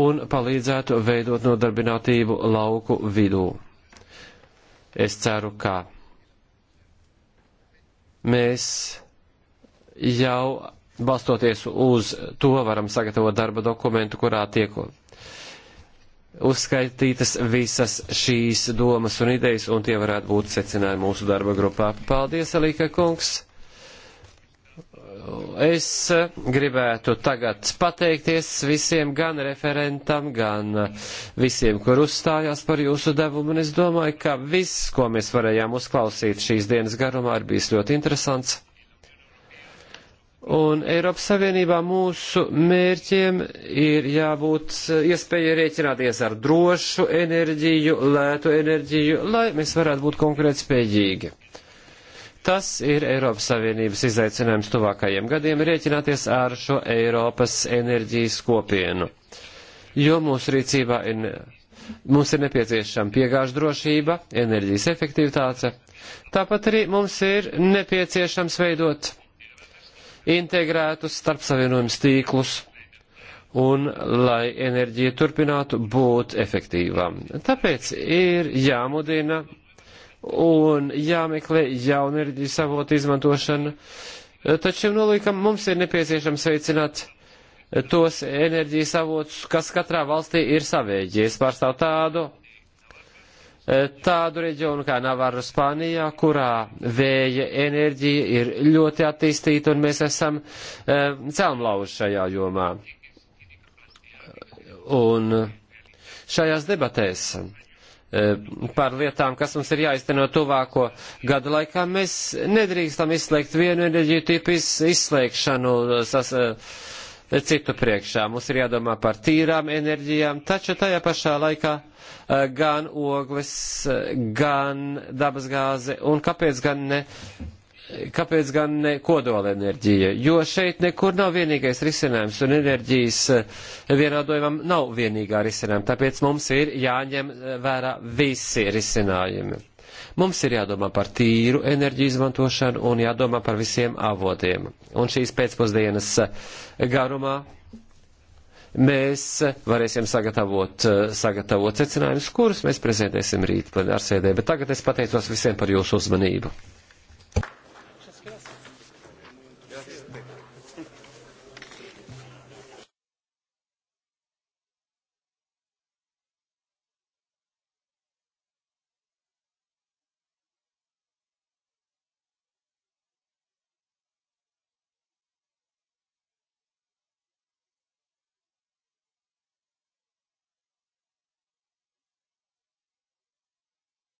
un palīdzētu veidot nodarbinātību lauku vidū. Es ceru, ka mēs jau balstoties uz to varam sagatavot darba dokumentu, kurā tiek uzskaitītas visas šīs domas un idejas, un tie varētu būt secinājumi mūsu darba grupā. Paldies, Alīka kungs! Es gribētu tagad pateikties visiem, gan referentam, gan visiem, kur uzstājās par jūsu devumu, un es domāju, ka viss, ko mēs varējām uzklausīt šīs dienas garumā, ir bijis ļoti interesants. Un Eiropas Savienībā mūsu mērķiem ir jābūt iespēja rēķināties ar drošu enerģiju, lētu enerģiju, lai mēs varētu būt konkurētspējīgi. spējīgi Tas ir Eiropas Savienības izaicinājums tuvākajiem gadiem rēķināties ar šo Eiropas enerģijas kopienu, jo mūsu rīcībā ir, mums ir nepieciešama piegāžu drošība, enerģijas efektivitāte, tāpat arī mums ir nepieciešams veidot integrētus starpsavienojums tīklus un lai enerģija turpinātu būt efektīvām. Tāpēc ir jāmudina un jāmeklē jaunu enerģijas avotu izmantošanu. Taču šim nolīkam mums ir nepieciešams veicināt tos enerģijas avotus, kas katrā valstī ir savēģies. Pārstāv tādu, tādu reģionu kā Navara Spānijā, kurā vēja enerģija ir ļoti attīstīta un mēs esam e, celmlauži šajā jomā. Un šajās debatēs E, par lietām, kas mums ir jāizteno tuvāko gadu laikā, mēs nedrīkstam izslēgt vienu enerģiju tipu izslēgšanu e, sas, e, citu priekšā. Mums ir jādomā par tīrām enerģijām, taču tajā pašā laikā gan ogles, gan dabasgāze un kāpēc gan ne Kāpēc gan ne kodolenerģija? Jo šeit nekur nav vienīgais risinājums, un enerģijas eh, vienādojumam nav vienīgā risinājuma. Tāpēc mums ir jāņem eh, vērā visi risinājumi. Mums ir jādomā par tīru enerģiju izmantošanu un jādomā par visiem avotiem. Un šīs pēcpusdienas eh, garumā mēs varēsim sagatavot, sagatavot secinājumus, kurus mēs prezentēsim rīt plenārsēdē. Bet tagad es pateicos visiem par jūsu uzmanību.